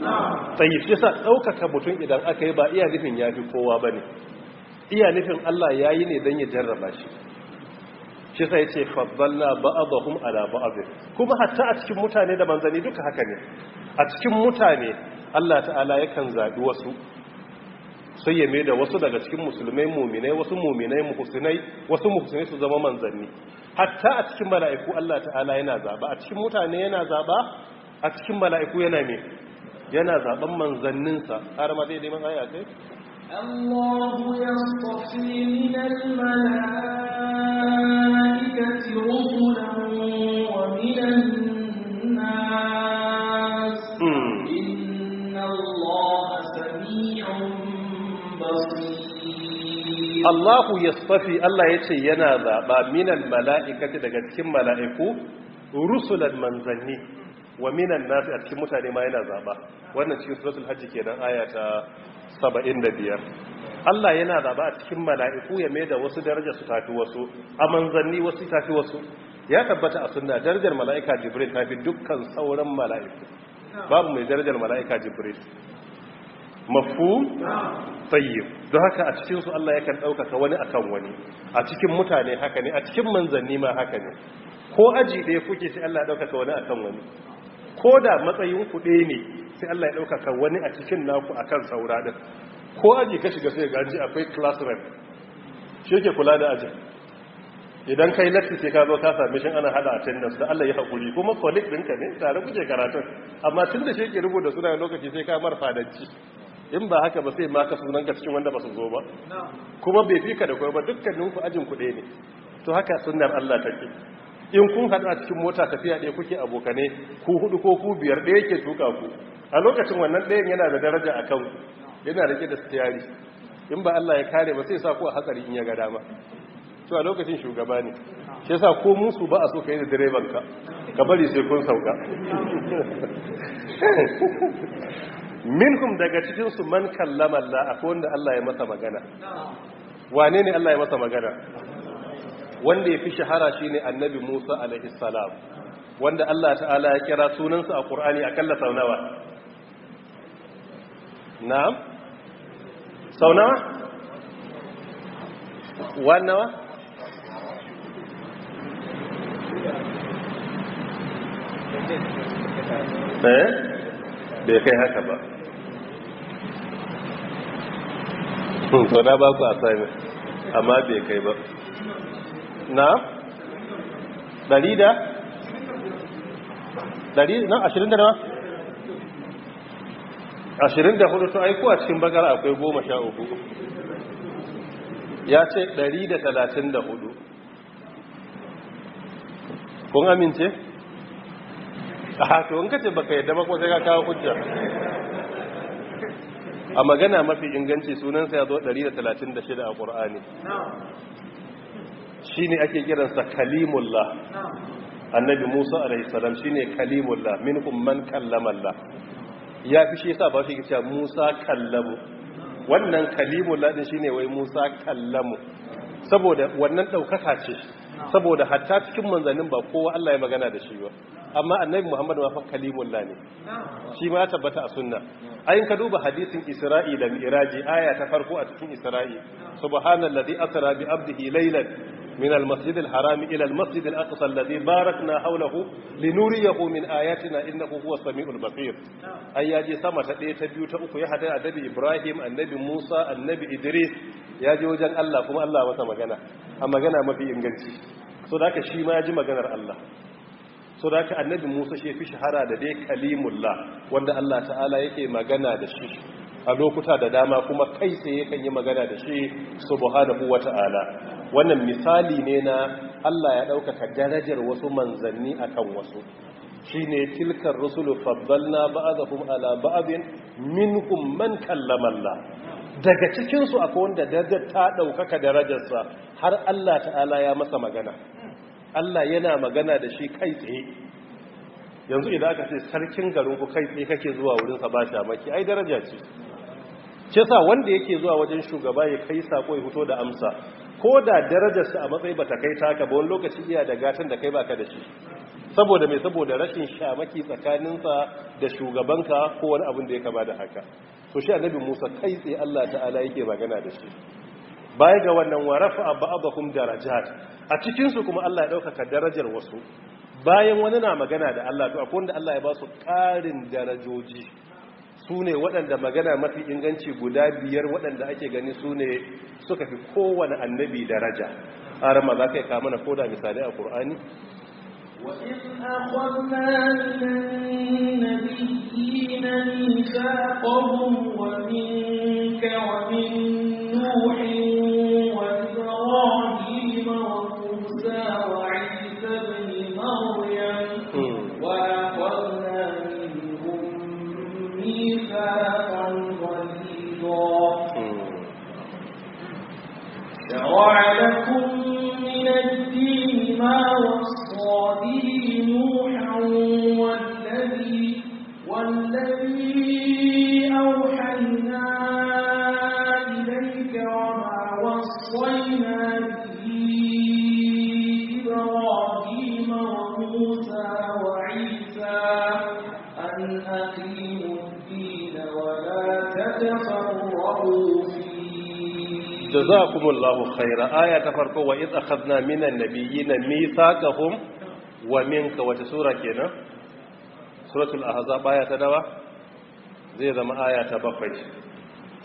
tayyib shi sa daukaka mutum idan aka yi ba iya nufin fi kowa bane iya nufin Allah yayi ne dan ya jarraba shi shi sai ce faddalla ba'dhum ala ba'd kuma hatta a cikin mutane da manzani duka haka ne a cikin mutane Allah ta'ala yakan zabi wasu sai ya maida wasu daga cikin musulmai mu'minai wasu mu'minai muhsinai wasu muhsinai su zama manzanni hatta a cikin mala'iku Allah ta'ala yana zaba a cikin mutane yana zaba a cikin mala'iku yana me yana manzannin manzanninsa har ma dai matsayi a kai الله يصطفي من malaa Allahu yastafi Allah ya ce yana zaɓa minan mala’ikati daga cikin mala’iku, rusulan manzanni wa minan nasi a cikin mutane ma yana zaɓa, wannan cikin rusul hajji ke nan ayata biyar. Allah yana zaba a cikin mala'iku ya maida wasu daraja su tafi wasu a manzanni wasu tafi wasu ya tabbata a suna darajar mala'ika jibril fi dukkan sauran mala'iku babu mai darajar mala'ika jibril mafu tsaye, don haka a cikinsu Allah yakan ɗaukaka wani a kan wani a cikin mutane haka ne a cikin manzanni ma haka ne ko aji ɗaya kuke sai Allah ya ɗaukaka wani a kan wani ko da matsayin kuɗe ɗaya ne sai Allah ya ɗaukaka wani a cikin naku akan saura ɗin ko aji ka shiga sai gaji akwai class rep shi yake kula da ajin idan kai latti sai ka zo ka same shi ana hada attendance da Allah ya hakuri kuma colleague ɗinka ne tare kuke karatun amma tun da shi ke rubuta suna lokaci sai ka mar fadanci in ba haka ba sai ma ka sunanka cikin wanda ba su zo ba kuma bai fi ka da kwai ba dukkanin ku ajin ku ne to haka sunnar Allah take in kun hada cikin mota tafiya ɗaya kuke abokane ku hudu ko ku biyar ɗaya yake tuka ku a lokacin wannan ɗayan yana da daraja akan ku. yana rike da tsayari in ba Allah ya kare ba sai sa ku a hatsari in ya ga dama to a lokacin shugaba ne shi yasa ko musu ba a so kai da direban ka ka bari sai kun sauka minhum daga cikin su man kallama Allah akwai wanda Allah ya masa magana wane ne Allah ya masa magana wanda ya fi shahara shine annabi Musa alaihi salam wanda Allah ta'ala ya kira sunansa a Qur'ani a sau nawa na'am sau nawa wan nawa eh bai kai haka ba hmm, to na ba ku asami amma bai kai ba na ɗari da ɗari na ashirin da nawa ashirin da hudu to aiko a cikin bakara akwai goma sha uku ya ce ɗari da talatin da hudu kun amince? a haka in ce baka yadda bakwa sai ka kawo hujja a magana mafi inganci sunansa ya zo da da talatin shida a ƙur'ani shi ne ake kiransa kalimullah annabi musa a.s. shi ne kalimullah min kumman kallamallah ya fi shi yasa ba shi cewa Musa kallamu wannan kalimul ladin shine wai Musa kallamu saboda wannan daukaka ce saboda hatta cikin manzannin ba kowa Allah ya magana da shi ba amma annabi Muhammad ma fa kalimul ne shi ma tabbata a sunna ayin ka duba hadisin Isra'i da Miraji aya ta farko a cikin Isra'i subhanallazi asra bi abdihi laylan من المسجد الحرام إلى المسجد الأقصى الذي باركنا حوله لنريه من آياتنا إنه هو السميع البصير أي يجي سما تدي تبيو تأكو يحدى النبي إبراهيم النبي موسى النبي إدريس يجي وجن الله كما الله وسما جنا أما جنا ما في إنجلتي صدق شيء ما يجي ما جنا الله so da haka annabi musa shi fi shahara da dai kalimullah wanda allah ta'ala yake magana da shi a lokuta da dama kuma kai sai yakan yi magana da shi subhanahu wa ta'ala wannan misali ne na Allah ya ɗaukaka darajar wasu manzanni kan wasu Shi ne tilkar rusulu faddalna ba'dahum ala ba'din min man kallamalla daga cikinsu a akwai wanda darajar ta ɗaukaka darajarsa har Allah ta'ala ya masa magana Allah yana magana da shi kai tsaye yanzu idan aka ce sarkin garin ku kai tsaye kake zuwa wurin sa ba maki ai daraja ce ce sa wanda yake zuwa wajen shugaba ya kai sako ya fito da amsa ko da darajarsa a matsayi ba ta kai taka ba wani lokaci iya da gatan da kai ba ka da shi saboda mai saboda rashin shamaki tsakaninsa da shugabanka ko wani abin da ya kama da haka to shi annabi Musa kai tsaye Allah ta'ala yake magana da shi baya ga wannan warafa ba'dakum darajat a cikinsu kuma Allah ya ɗaukaka darajar wasu bayan wani na magana da Allah to akwai wanda Allah ya ba su ƙarin darajoji su ne waɗanda magana mafi inganci guda biyar waɗanda ake gani su ne suka fi kowane annabi daraja arama za ka yi kama na koda misali a ƙur'ani وإذ شرع لكم من الدين والذي, والذي أوحينا Da za jazakumullahu khaira aya ta farko wa iz akhadna minan nabiyina mithaqahum wa minka wata sura kenan suratul ahzab aya ta dawa zai zama aya ta bakwai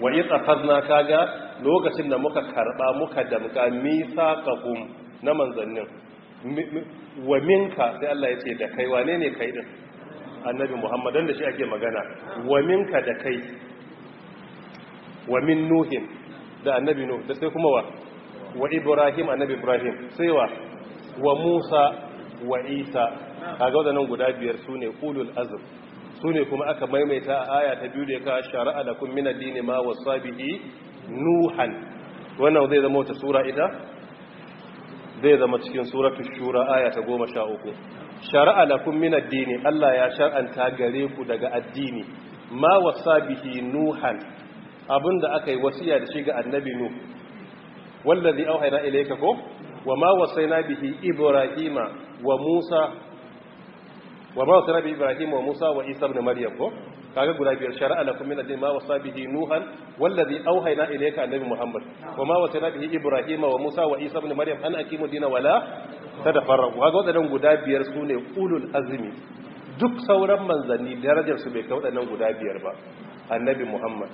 wa iz akhadna kaga lokacin da muka karba muka damka mithaqahum na manzannin wa minka sai Allah ya ce da kai wane ne kai din annabi Muhammad dan da shi ake magana wa minka da kai wa min nuhin da annabi no da sai kuma wa wa ibrahim annabi ibrahim sai wa wa musa wa isa kaga wadannan guda biyar sune qulul azm sune kuma aka maimaita a aya ta biyu da ka shar'a lakum min ad-din ma wasabihi nuhan wannan zai zama wata sura ita zai zama cikin suratul shura aya ta 13 shar'a lakum min ad-din Allah ya shar'anta gare ku daga addini ma wasabihi nuhan abin da aka yi wasiya da shi ga annabi nu wallazi na ilayka ko wa ma wasaina bihi ibrahima wa musa wa ma wasaina bihi ibrahima wa musa wa isa ibn maryam ko kaga guda biyar shar'a lakum min ad ma wasa bihi nuhan wallazi na ilayka annabi muhammad wa ma wasaina bihi ibrahima wa musa wa isa ibn maryam an aqimu dina wala tadafarraqu kaga wadannan guda biyar su ne ulul azmi duk sauran manzanni darajar su bai kai wadannan guda biyar ba annabi muhammad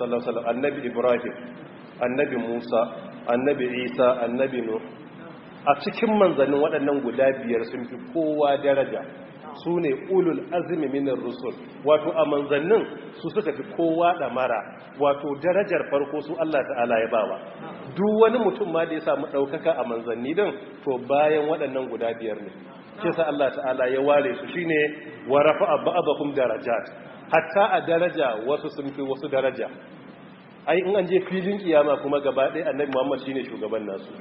sallallahu alaihi wasallam annabi ibrahim annabi musa annabi isa annabi nuh a cikin manzannin waɗannan guda biyar sun fi kowa daraja su ne ulul azumi minar rusul wato a manzannin su suka fi kowa ɗamara wato darajar farko su Allah ta'ala ya bawa duk wani mutum ma da ya samu ɗaukaka a manzanni din to bayan waɗannan guda biyar ne kisa Allah ta'ala ya ware su shine warafa rafa'a ba'dakum darajat hatta a daraja wasu sun fi wasu daraja ai in an je filin kiyama kuma gaba ɗaya annabi muhammad shine shugaban nasu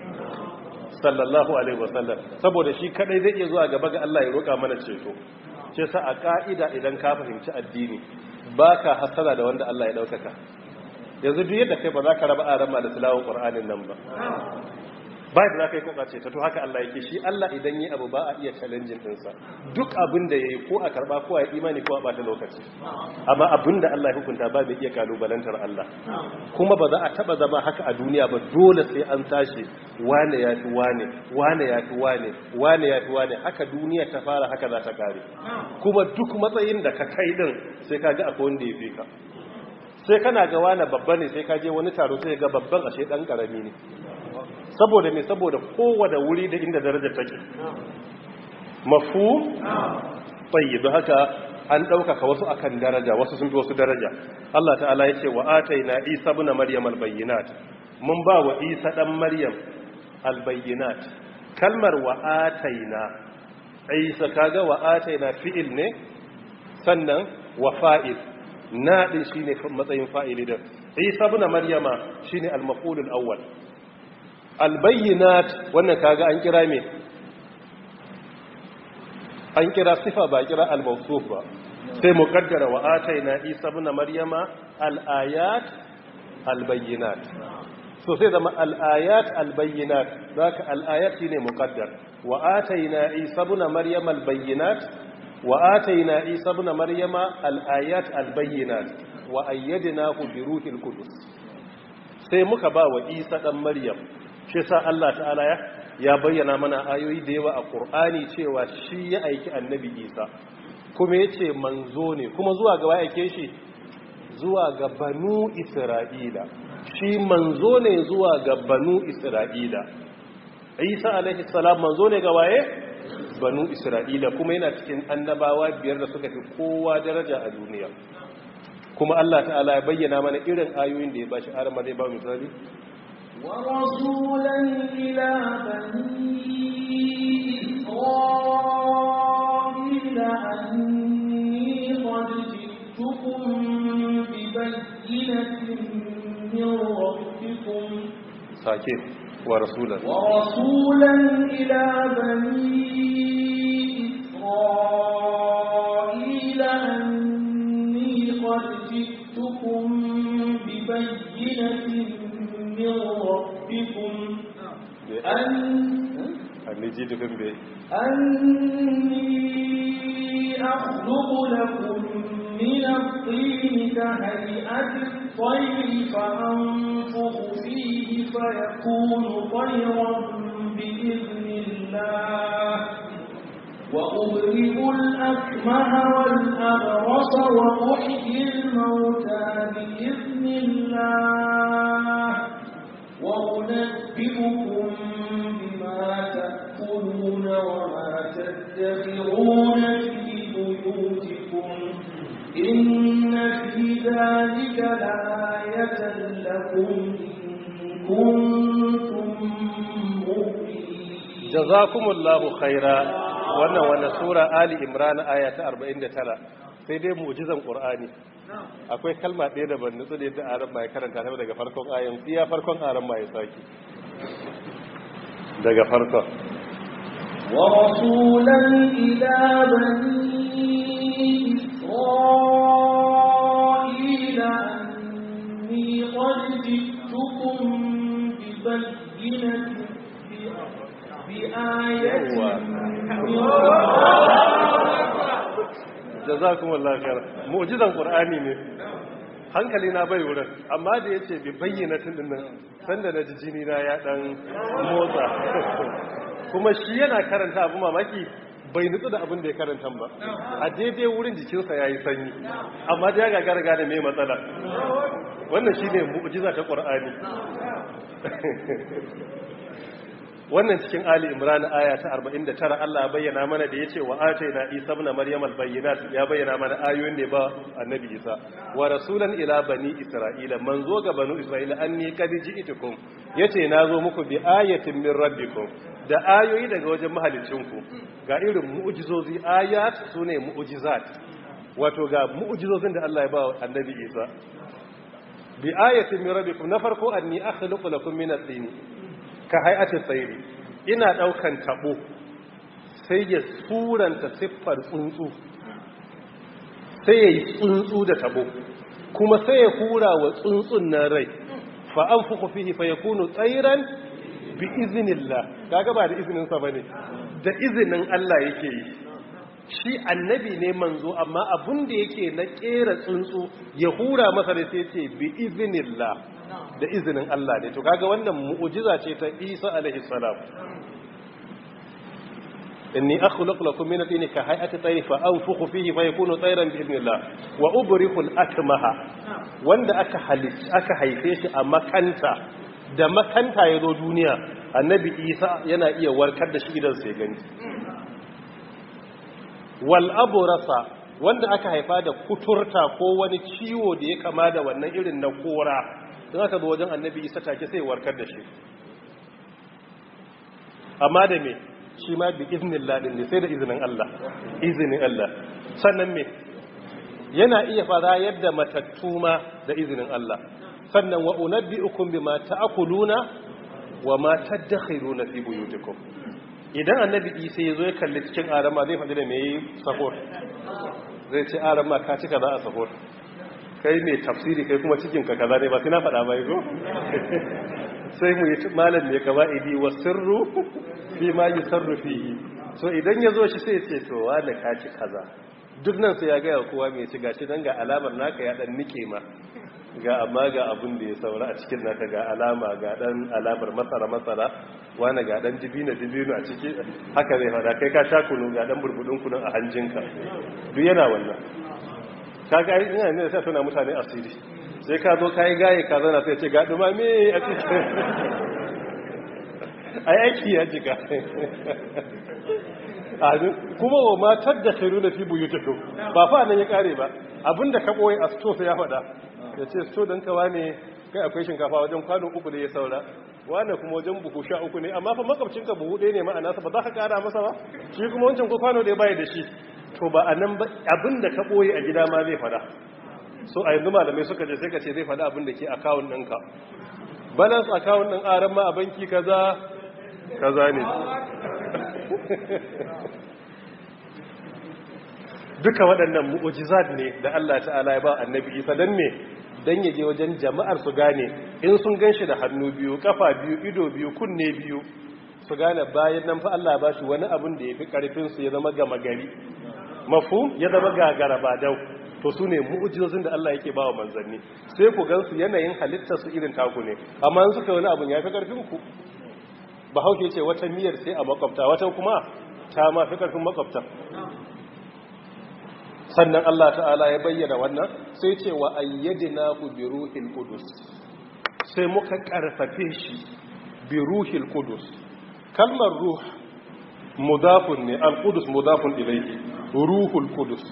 sallallahu alaihi wasallam saboda shi kadai zai iya zuwa gaba ga Allah ya roka mana ceto ce sa a ƙa'ida idan ka fahimci addini baka hasara da wanda Allah ya ɗaukaka yanzu duk yadda kai ba za ka raba arama da tilawar Qur'anin nan ba bai da za ka yi ce ta to haka Allah yake shi Allah idan yi abu ba a iya din sa duk abin da ya yi ko a karba ko a imani ko a ɓata lokaci amma abin da Allah ya hukunta ba bai iya kalubalantar Allah kuma ba za a taɓa zama haka a duniya ba dole sai an tashi wane ya fi wane wane ya fi wane wane ya fi wane haka duniya ta fara haka za ta kare kuma duk matsayin da ka kai din sai ka ga akwai wanda ya fi ka sai kana ga wani babba ne sai ka je wani taro sai ga babban ashe dan karami ne saboda me saboda kowane wuri da inda darajar take mafu tsayi da haka an ɗaukaka wasu akan daraja wasu sun fi wasu daraja Allah ta'ala ya ce wa ataina isa bin maryam albayyinat mun ba wa isa dan maryam albayyinat kalmar wa ataina isa kaga wa ataina fi'il ne sannan wa fa'il na din shine matsayin fa'ili din isa bin maryama shine al awwal albayyinat wannan kaga an kira me an kira sifa ba kira al-mawsuf ba sai mu kaddara wa ataina isa ibn maryama al-ayat al-bayyinat so sai zama al-ayat al-bayyinat zaka al-ayat shine muqaddar wa ataina isa ibn maryama al-bayyinat wa ataina isa ibn maryama al-ayat al-bayyinat wa ayyadnahu bi ruhil qudus sai muka ba wa isa dan maryam shi sa Allah ta'ala ya bayyana mana ayoyi da yawa a Qur'ani cewa shi ya aiki annabi Isa kuma yace manzo ne kuma zuwa ga waye ake shi zuwa ga banu Isra'ila shi manzo ne zuwa ga banu Isra'ila Isa alaihi salam manzo ne ga waye banu Isra'ila kuma yana cikin annabawa biyar da suka fi kowa daraja a duniya kuma Allah ta'ala ya bayyana mana irin ayoyin da ya bashi har ma zai ba misali ورسولا إلى بني إسرائيل أني قد جئتكم ببينة من ربكم ساكت ورسولا ورسولا إلى بني إسرائيل أني قد جئتكم ببينة من ربكم أن أه؟ نجدكم به أني أخلق لكم من الطين كهيئة الطير فأنفخ فيه فيكون طيرا بإذن الله وأبرئ الأكمه والأبرص وأحيي الموتى بإذن الله وأنبئكم بما تأكلون وما تدخرون في بيوتكم إن في ذلك لآية لكم إن كنتم مؤمنين جزاكم الله خيرا wannan wannan sura Ali Imran aya ta 49 sai dai mu'jizan Qur'ani akwai kalma ɗaya da ban nutsu da yadda aran ma karanta ta daga farkon ayon iya farkon aran ma saki daga farkon wa rasulan ila bani isra'ila ni qad jitukum bi bayyinatin bi ayatin Allah khair mu'jizan qur'ani ne hankali na bai wurin amma da yace bi bayyana tun nan sanda na jini na ya dan motsa kuma shi yana karanta abu mamaki bai nutsu da abin da ya karanta ba a daidai wurin jikinsa ya yi sanyi amma da ya gagara gane mai matsala wannan shi ne mu'jiza ta qur'ani wannan cikin ali imran aya ta 49 Allah bayyana mana da yace wa ataina isa ibn maryam albayyinat ya bayyana mana ayoyin ne ba annabi isa wa rasulan ila bani isra'ila manzo ga bani isra'ila anni qad ji'tukum yace nazo muku bi ayatin min rabbikum da ayoyi daga wajen mahalicinku ga irin mu'jizozi ayat sune mu'jizat wato ga mu'jizozin da Allah ya ba annabi isa bi ayatin min rabbikum na farko anni akhluqu lakum min at-tin ka hay'ati tsairi ina daukan tabo sai ya suranta siffar tsuntsu sai ya yi tsuntsu da tabo kuma sai ya hura wa tsuntsun nan rai fa an fuku fihi fa yakunu tsairan bi iznillah kaga ba da izininsa ba bane da izinin Allah yake yi shi annabi ne manzo amma abun da yake na kera tsuntsu ya hura masa da sai ce bi iznillah da izinin Allah ne to kaga wannan mu'jiza ce ta Isa alaihi salam inni akhluqu lakum min tin ka hay'ati tayr fa anfukhu fihi fa yakunu tayran bi iznillah wa ubriqu al-akmaha wanda aka halis aka haife shi a makanta da makanta ya zo duniya annabi Isa yana iya warkar da shi idan sai gani wal aburasa wanda aka haifa da kuturta ko wani ciwo da ya kama da wannan irin na kora don aka zo wajen annabi isa take sai warkar da shi amma da me shi ma bi iznin ladin ne sai da izinin Allah izinin Allah sannan me yana iya fara yadda matattuma da izinin Allah sannan wa unabbi'ukum bima ta'kuluna wa ma ta tadkhuluna fi buyutikum idan annabi isa ya zo ya kalli cikin arama zai faɗi da mai yi sahur zai ce arama ka cika za a sahur kai mai tafsiri kai kuma cikinka kaza ne ba sai na faɗa ba zo? sai mu yi malam mai gaba idi wa sirru fi ma yi yi so idan ya zo shi sai ce to da ka ci kaza duk nan sai ya gaya kowa mai ci gashi don ga alamar naka ya dan nike ma ga amma ga abin da ya saura a cikin naka ga alama ga dan alamar matsara matsara wani ga dan dibina dibino a ciki haka zai fada kai ka sha kunu ga dan burbudin kunun a hanjinka duk yana wannan Ka ga yi ina ne sai tuna mutane asiri sai ka zo kai gaye ka zana sai ce ga duma me a cikin ai aiki ya jika kuma wa matar da khairu na fi buyutikum ba fa nan ya kare ba abinda ka koyi a sto sai ya fada ya ce so don kawa ne kai akwai shinkafa wajen kwano uku da ya saura wane kuma wajen buhu sha uku ne amma fa ka buhu ɗaya ne ma'ana sa ba za ka ƙara masa ba shi kuma wancan ko kwano ɗaya baya da shi to ba a nan ba abin da ka ɓoye a gida ma zai faɗa so a yanzu malamai suka je sai ka ce zai fada abin da ke akawun ɗinka balance akawun ɗin aran ma a banki kaza kaza ne duka waɗannan mu'ujizat ne da Allah ta'ala ya ba annabi isa dan ne. don yaje wajen jama'ar su gane in sun gan shi da hannu biyu kafa biyu ido biyu kunne biyu su gane bayan nan fa Allah ba shi wani abin da ya fi ƙarfinsu ya zama gama gari mafu ya zama ga ba dau to su ne mu'ujizozin da Allah yake bawa manzanni sai ku gansu yanayin halittar su irin taku ne amma in suka wani abin ya fi ƙarfin ku bahaushe ce wata miyar sai a makwabta wata kuma ta ma fi ƙarfin makwabta sannan Allah ta'ala ya bayyana wannan sai ce wa ayyadina ku bi ruhil qudus sai muka karfafe shi bi ruhil qudus kalmar ruh mudafun ne al qudus mudafun ilayhi ruhul qudus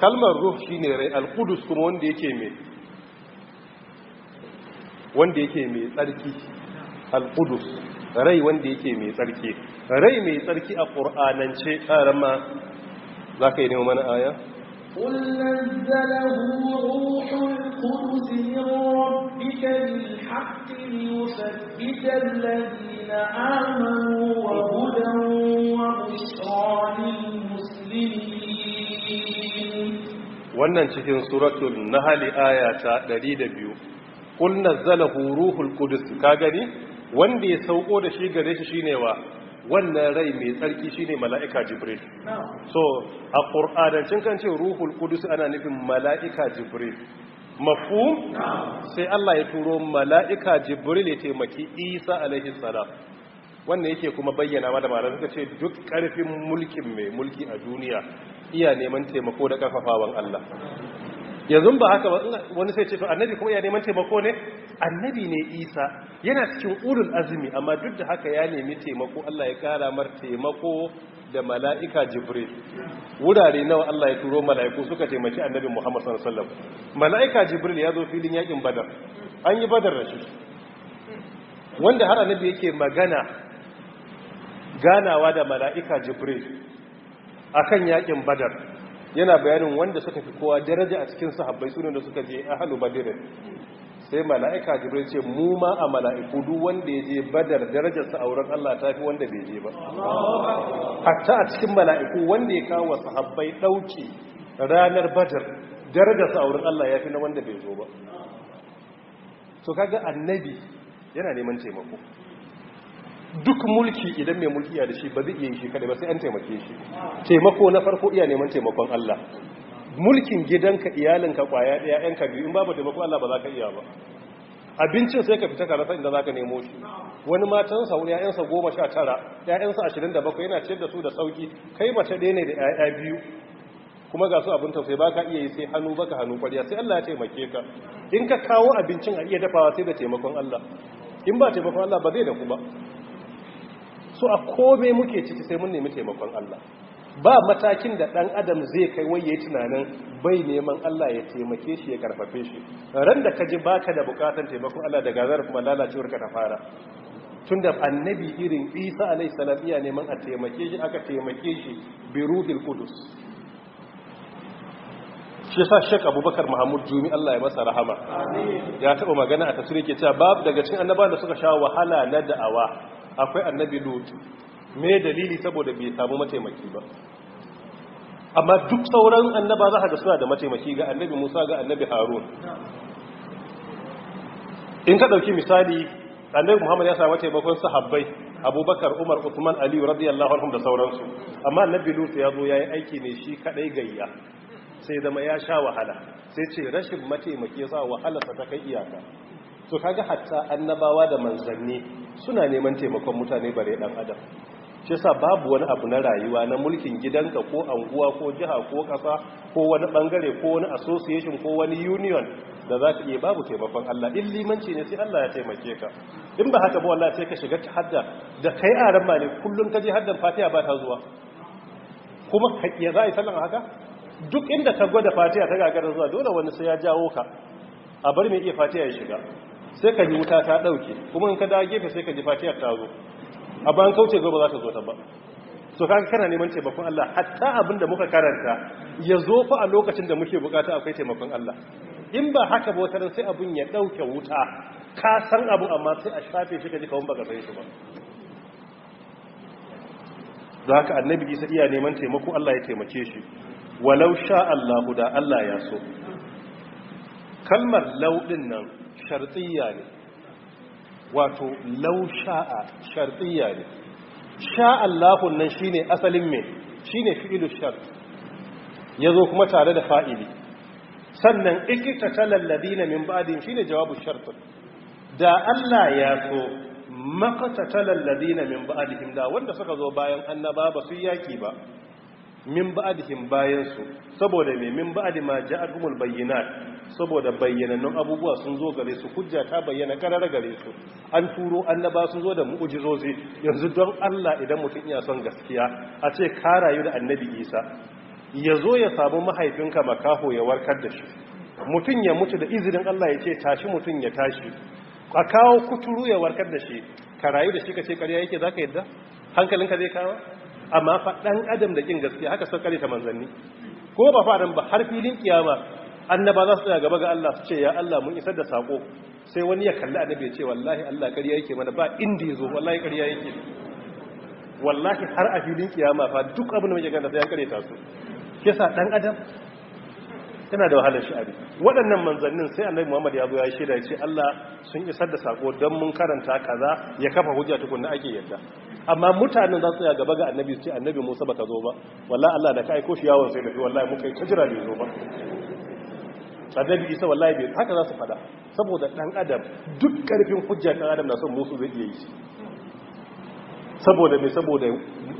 kalmar ruh shine rai al qudus kuma wanda yake me wanda yake mai tsarki al qudus rai wanda yake mai tsarki rai mai tsarki a qur'anance karama zaka yi ne mana aya قل نزله روح القدس من ربك بالحق ليثبت الذين آمنوا وهدى وبشرى للمسلمين wannan cikin suratul nahl aya ta 102 qul nazzalahu ruhul qudus ka gani wanda ya sauko da shi gare shi shine wa wannan rai mai tsarki shine mala'ika jibril so a ƙur'adancin kan ce ruhul kudus ana nufin mala'ika jibril mafu sai Allah ya turo mala'ika jibril ya taimaki isa alaihi salam wannan yake kuma bayyana ma da malamai suka ce duk ƙarfin mulkin mai mulki a duniya iya neman taimako da kafafawan Allah yanzu ba haka ba wani sai ce to annabi kuma ya neman taimako ne annabi ne isa yana cikin ulul azumi amma duk da haka ya nemi taimako Allah ya kara mar taimako da mala'ika jibril wurare nawa Allah ya turo mala'iku suka taimaki annabi muhammad sallallahu alaihi mala'ika jibril ya zo filin yakin badar an yi badar da wanda har annabi yake magana ganawa da mala'ika jibril akan yakin badar yana bayanin wanda suka fi kowa daraja a cikin sahabbai su ne da suka je a ahalu badr sai mala'ika jibril ce mu ma a mala'iku duk wanda ya je badar darajarsa a wurin Allah ta fi wanda bai je ba hatta a cikin mala'iku wanda ya kawo sahabbai ɗauki ranar badar darajarsa a wurin Allah ya fi na wanda bai zo ba to kaga annabi yana neman taimako duk mulki idan mai mulki da shi ba zai iya yi shi kada ba sai an taimake shi taimako na farko iya neman taimakon Allah mulkin gidanka iyalinka kwaya daya yanka biyu in babu taimako Allah ba za ka iya ba abincin sai ka fita ka rasa inda za ka nemo shi wani matansa wani ‘ya'yansa goma sha tara ‘ya'yansa ashirin da bakwai yana ciyar da su da sauki kai mace ɗaya ne da ‘ya'ya biyu kuma ga su abin tausayi ba ka iya yi sai hannu baka hannu kwariya sai Allah ya taimake ka in ka kawo abincin a iya dafawa sai da taimakon Allah in ba taimakon Allah ba zai da ba. so a kome muke ciki sai mun nemi taimakon Allah ba matakin da ɗan adam zai kai wai yayi tunanin bai neman Allah ya taimake shi ya karfafe shi ran da kaji baka da bukatan taimakon Allah daga zar kuma lalacewar ka ta fara tunda annabi irin Isa alaihi salatu, iya neman a taimake shi aka taimake shi bi ruhil qudus shi sa shek abubakar mahamud jumi allah ya masa rahama ya taba magana a tasiri ke cewa babu daga cikin annabawan da suka sha wahala na da'awa akwai annabi lut me dalili saboda bai samu mataimaki ba amma duk sauran annaba za ga suna da mataimaki ga annabi musa ga annabi harun in ka ɗauki misali annabi muhammad ya samu taimakon sahabbai abubakar umar usman aliyu radiyallahu anhum da sauransu amma annabi lut ya zo ya yi aiki ne shi kaɗai gayya sai zama ya sha wahala sai ce rashin mataimaki ya sa wahalarsa ta kai iyaka to kaga hatta annabawa da manzanni suna neman taimakon mutane bare dan adam shi yasa babu wani abu na rayuwa na mulkin gidanka ko anguwa ko jiha ko kasa ko wani bangare ko wani association ko wani union da za ka iya babu taimakon Allah in limanci ne sai Allah ya taimake ka in ba haka ba wallahi sai ka shiga hadda da kai aran ma ne kullun ka je haddan fatiha ba ta zuwa kuma ka za a yi sallan haka duk inda ka gwada fatiha ta gagara zuwa dole wani sai ya jawo ka a bar mai iya Fatiya ya shiga sai ka ji wuta ta ɗauke kuma in ka dawo gefe sai ka ji fatiya ta zo a ban kauce gaba za ta zo ta ba so kaga kana neman taimakon Allah hatta abin da muka karanta ya zo fa a lokacin da muke bukata akwai taimakon Allah in ba haka ba wata sai abun ya ɗauke wuta ka san abu amma sai a shafe shi ka ji kawun baka san shi ba da haka annabi isa iya neman taimako Allah ya taimake shi walau sha Allah da Allah ya so kalmar lauɗin nan shartiyya ne wato lau sha'a shartiyya ne sha'allahun nan shine asalin me shine fi'ilu shart zo kuma tare da fa'ili sannan iqtatal alladhina min ba'dihim shine jawabu shart da Allah ya so maqtatal na min ba'adin, da wanda suka zo bayan annaba ba su yaki ba min ba'dihim bayansu saboda me min ba'di ma bayyana bayyinat saboda bayyanannun abubuwa sun zo gare su hujja ta bayyana karara gare su an turo annaba sun zo da mu'jizozi yanzu don Allah idan mutum ya son gaskiya a ce ka rayu da annabi Isa ya zo ya samu mahaifinka makaho ya warkar da shi mutum ya mutu da izinin Allah ya ce tashi mutum ya tashi a kawo kuturu ya warkar da shi ka rayu da shi ka ce karya yake zaka yadda hankalinka zai kawo amma fa dan adam da kin gaskiya haka sun kare ta manzanni ko ba fadan ba har filin kiyama annaba za su tsaya gaba ga Allah su ce ya Allah mun isar da sako sai wani ya kalli annabi ya ce wallahi Allah ƙarya yake mana ba inda yazo wallahi ƙarya yake wallahi har a filin kiyama fa duk abin da muke ganta sai an kare ta su kisa dan adam tana da wahalar sha'ari waɗannan manzannin sai annabi Muhammad ya zo ya shaida ya ce Allah sun isar da sako don mun karanta kaza ya kafa hujja tukunna ake yadda amma mutanen za su ya gaba ga annabi su ce annabi musa baka zo ba wallah allah da ka aiko shi yawon sai da wallah muka yi kajira bai zo ba annabi isa wallahi bai haka za su fada saboda dan adam duk karfin hujja dan adam na son musu zai iya yi saboda mai saboda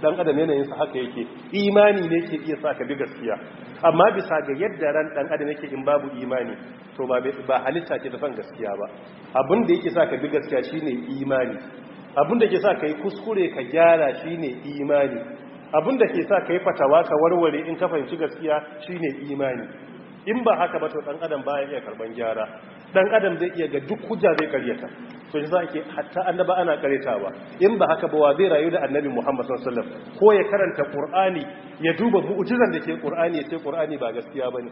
dan adam yanayin sa haka yake imani ne ke iya sa ka bi gaskiya amma bisa ga yadda ran dan adam yake in babu imani to ba halitta ke da fan gaskiya ba abin da yake sa ka bi gaskiya shine imani abinda ke sa ka yi kuskure ka gyara shine imani abinda ke sa ka yi fatawa ka warware in ka fahimci gaskiya shine imani in ba haka ba to dan adam baya iya karban gyara ɗan adam zai iya ga duk hujja zai karyata to shi za ke hatta annaba ana karyatawa in ba haka ba wa zai rayu da annabi Muhammad sallallahu alaihi wasallam ko ya karanta ƙur'ani ya duba mu'jizan da ke Qur'ani ya ce Qur'ani ba gaskiya bane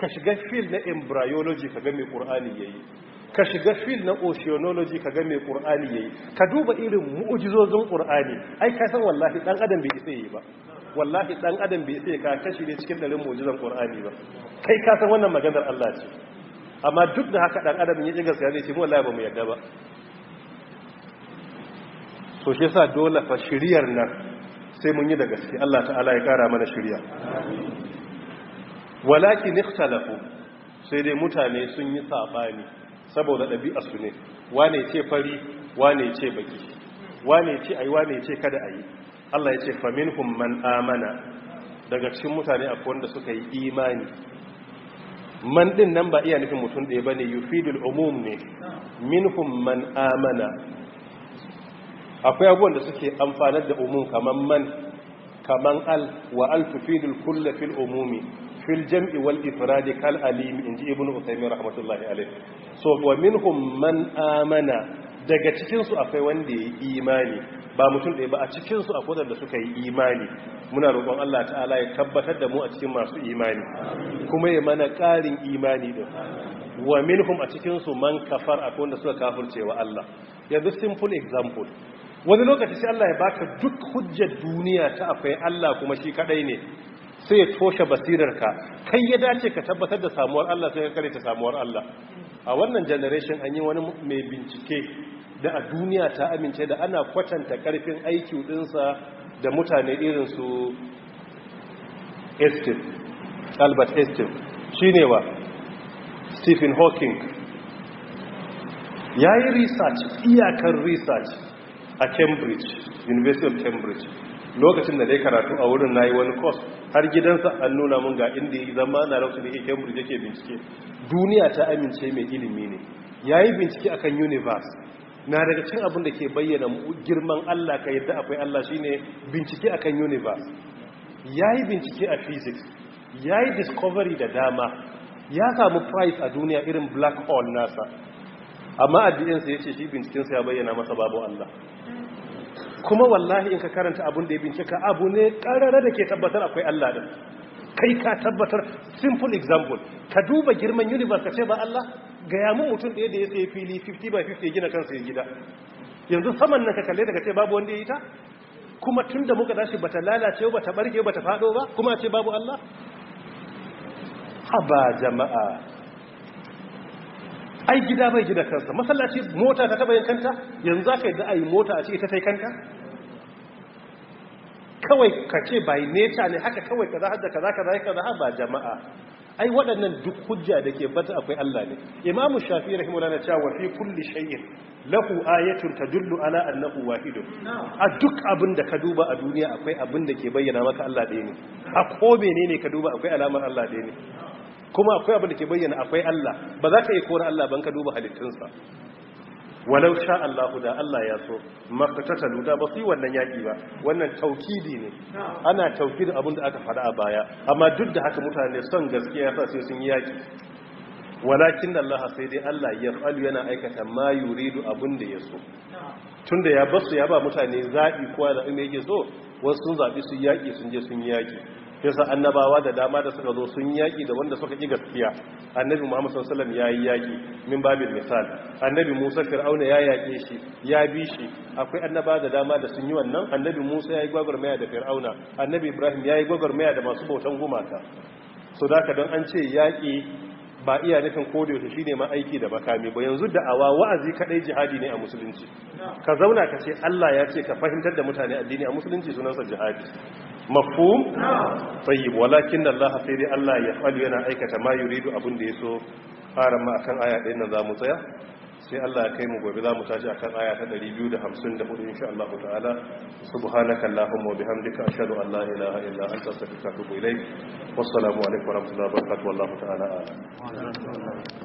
ka shiga field na embryology ka ga me Qur'ani yayi ka shiga fil na oceanology ka ga mai qur'ani yayi ka duba irin mu'jizozin qur'ani ai ka san wallahi dan adam bai isa yi ba wallahi dan adam bai sai ka kashi ne cikin dalilin mu'jizan Qur'ani ba kai ka san wannan maganar Allah ce amma duk da haka dan adam ya ji gaskiya zai ce mu wallahi ba mu yarda ba to shi yasa dole fa shiriyar nan sai mun yi da gaske Allah ta'ala ya kara mana shiriya walakin ikhtalafu sai dai mutane sun yi sabani saboda ɗabi'arsu ne wane ce fari wane ce baki wane ce ayi wane ce kada ayi Allah ya ce faminhum man amana daga cikin mutane akwai wanda suka yi imani man din nan ba iya nufin mutum ɗaya bane yufidul umum ne minhum man amana akwai abubuwan da suke amfanar da umum kaman man kaman al wa al tufidul kullu fil umumi fil jam'i wal ifradi kal alim inji ibnu usaymin rahmatullahi alayh so wa minhum man amana daga cikin su akwai wanda yayi imani ba mutum ɗaya ba a cikin su akwai wanda suka yi imani muna roƙon Allah ta'ala ya tabbatar da mu a cikin masu imani kuma ya mana ƙarin imani din wa minhum a cikin su man kafar akwai wanda suka kafirce wa Allah yanzu simple example wani lokaci sai Allah ya baka duk hujjar duniya ta akwai Allah kuma shi kadai ne sai ya toshe basirarka kai ya dace ka tabbatar da samuwar Allah sai ka ta samuwar Allah a wannan generation an yi wani mai bincike da a duniya ta amince da ana kwatanta karfin aiki dinsa da mutane irin su Estin Albert Shi shine wa Stephen Hawking yayi research iyakar research a Cambridge University of Cambridge lokacin da dai karatu a wurin nayi wani course har gidansa an nuna mun ga inda ya zama na lokacin da yake Cambridge yake bincike duniya ta amince mai ilimi ne yayi bincike akan universe na daga cikin abin da ke bayyana girman Allah ka yadda akwai Allah shine bincike akan universe yayi bincike a physics yayi discovery da dama ya samu prize a duniya irin black hole nasa amma addinin ya ce shi sa ya bayyana masa babu Allah kuma wallahi in ka karanta abun da ya bincika abu ne karara da ke tabbatar akwai Allah da kai ka tabbatar simple example ka duba girman universe ka ce ba Allah ga ya mu mutum ɗaya da ya tsaye fili 50 by 50 ya gina kansa ya gida yanzu saman nan ka kalle daga ce babu wanda ya yi ta kuma tun da muka ba bata lalace bata barke bata faɗo ba kuma ce babu Allah haba jama'a ai gida bai gida kansa masallaci mota ta taba yin kanta yanzu za yi da mota a ce ita ta yi kanta kawai ka ce bai neta ne haka kawai ka kaza hada kaza ka kaza ba jama'a ai waɗannan duk hujja da ke bata akwai Allah ne imamu shafi rahimahullah na cewa fi kulli shay'in lahu ayatun tadullu ala annahu wahid a duk abin da ka duba a duniya akwai abin da ke bayyana maka Allah ɗaya ne a ko menene ka duba akwai alamar Allah ɗaya ne kuma akwai abin da ke bayyana akwai Allah ba za ka yi kora Allah ban ka duba halittunsa walau sha Allahu da Allah ya so ta luta ba su yi wannan yaƙi ba wannan taukidi ne ana taukidi abin da aka faɗa a baya amma duk da haka mutane son gaskiya sa sai sun yi yaƙi. walakin Allah sai dai Allah ya falu yana aikata ma yuridu abin da ya so tunda ya basu ya ba mutane zabi kowa da ime yake so wasu sun zabi su yaki sun je sun yi yaki yasa annabawa da dama da suka zo sun yaki da wanda suka ki gaskiya annabi muhammad sallallahu alaihi wasallam yayi yaki min babil misal annabi musa fir'auna ya yake shi ya bi shi akwai annaba da dama da sun yi wannan annabi musa yayi gwagwarmaya da fir'auna annabi ibrahim yayi gwagwarmaya da masu bautan gumata. so da ka don an ce yaki ba iya nufin ko da shi ne aiki da makami ba yanzu da awa wa'azi kadai jihadi ne a musulunci ka zauna ka ce allah ya ce ka fahimtar da mutane addini a musulunci sunansa jihadi mafhum tayyib walakin da Allah sai dai Allah ya falu yana aikata ma yuridu abin da yaso fara ma kan aya din nan mu tsaya sai Allah ya kai mu gobe za zamu tashi kan aya ta 254 insha Allah ta'ala subhanaka allahumma wa bihamdika ashhadu an la ilaha illa anta astaghfiruka wa atubu ilaik wassalamu alaikum wa rahmatullahi wa barakatuh wallahu ta'ala a'lam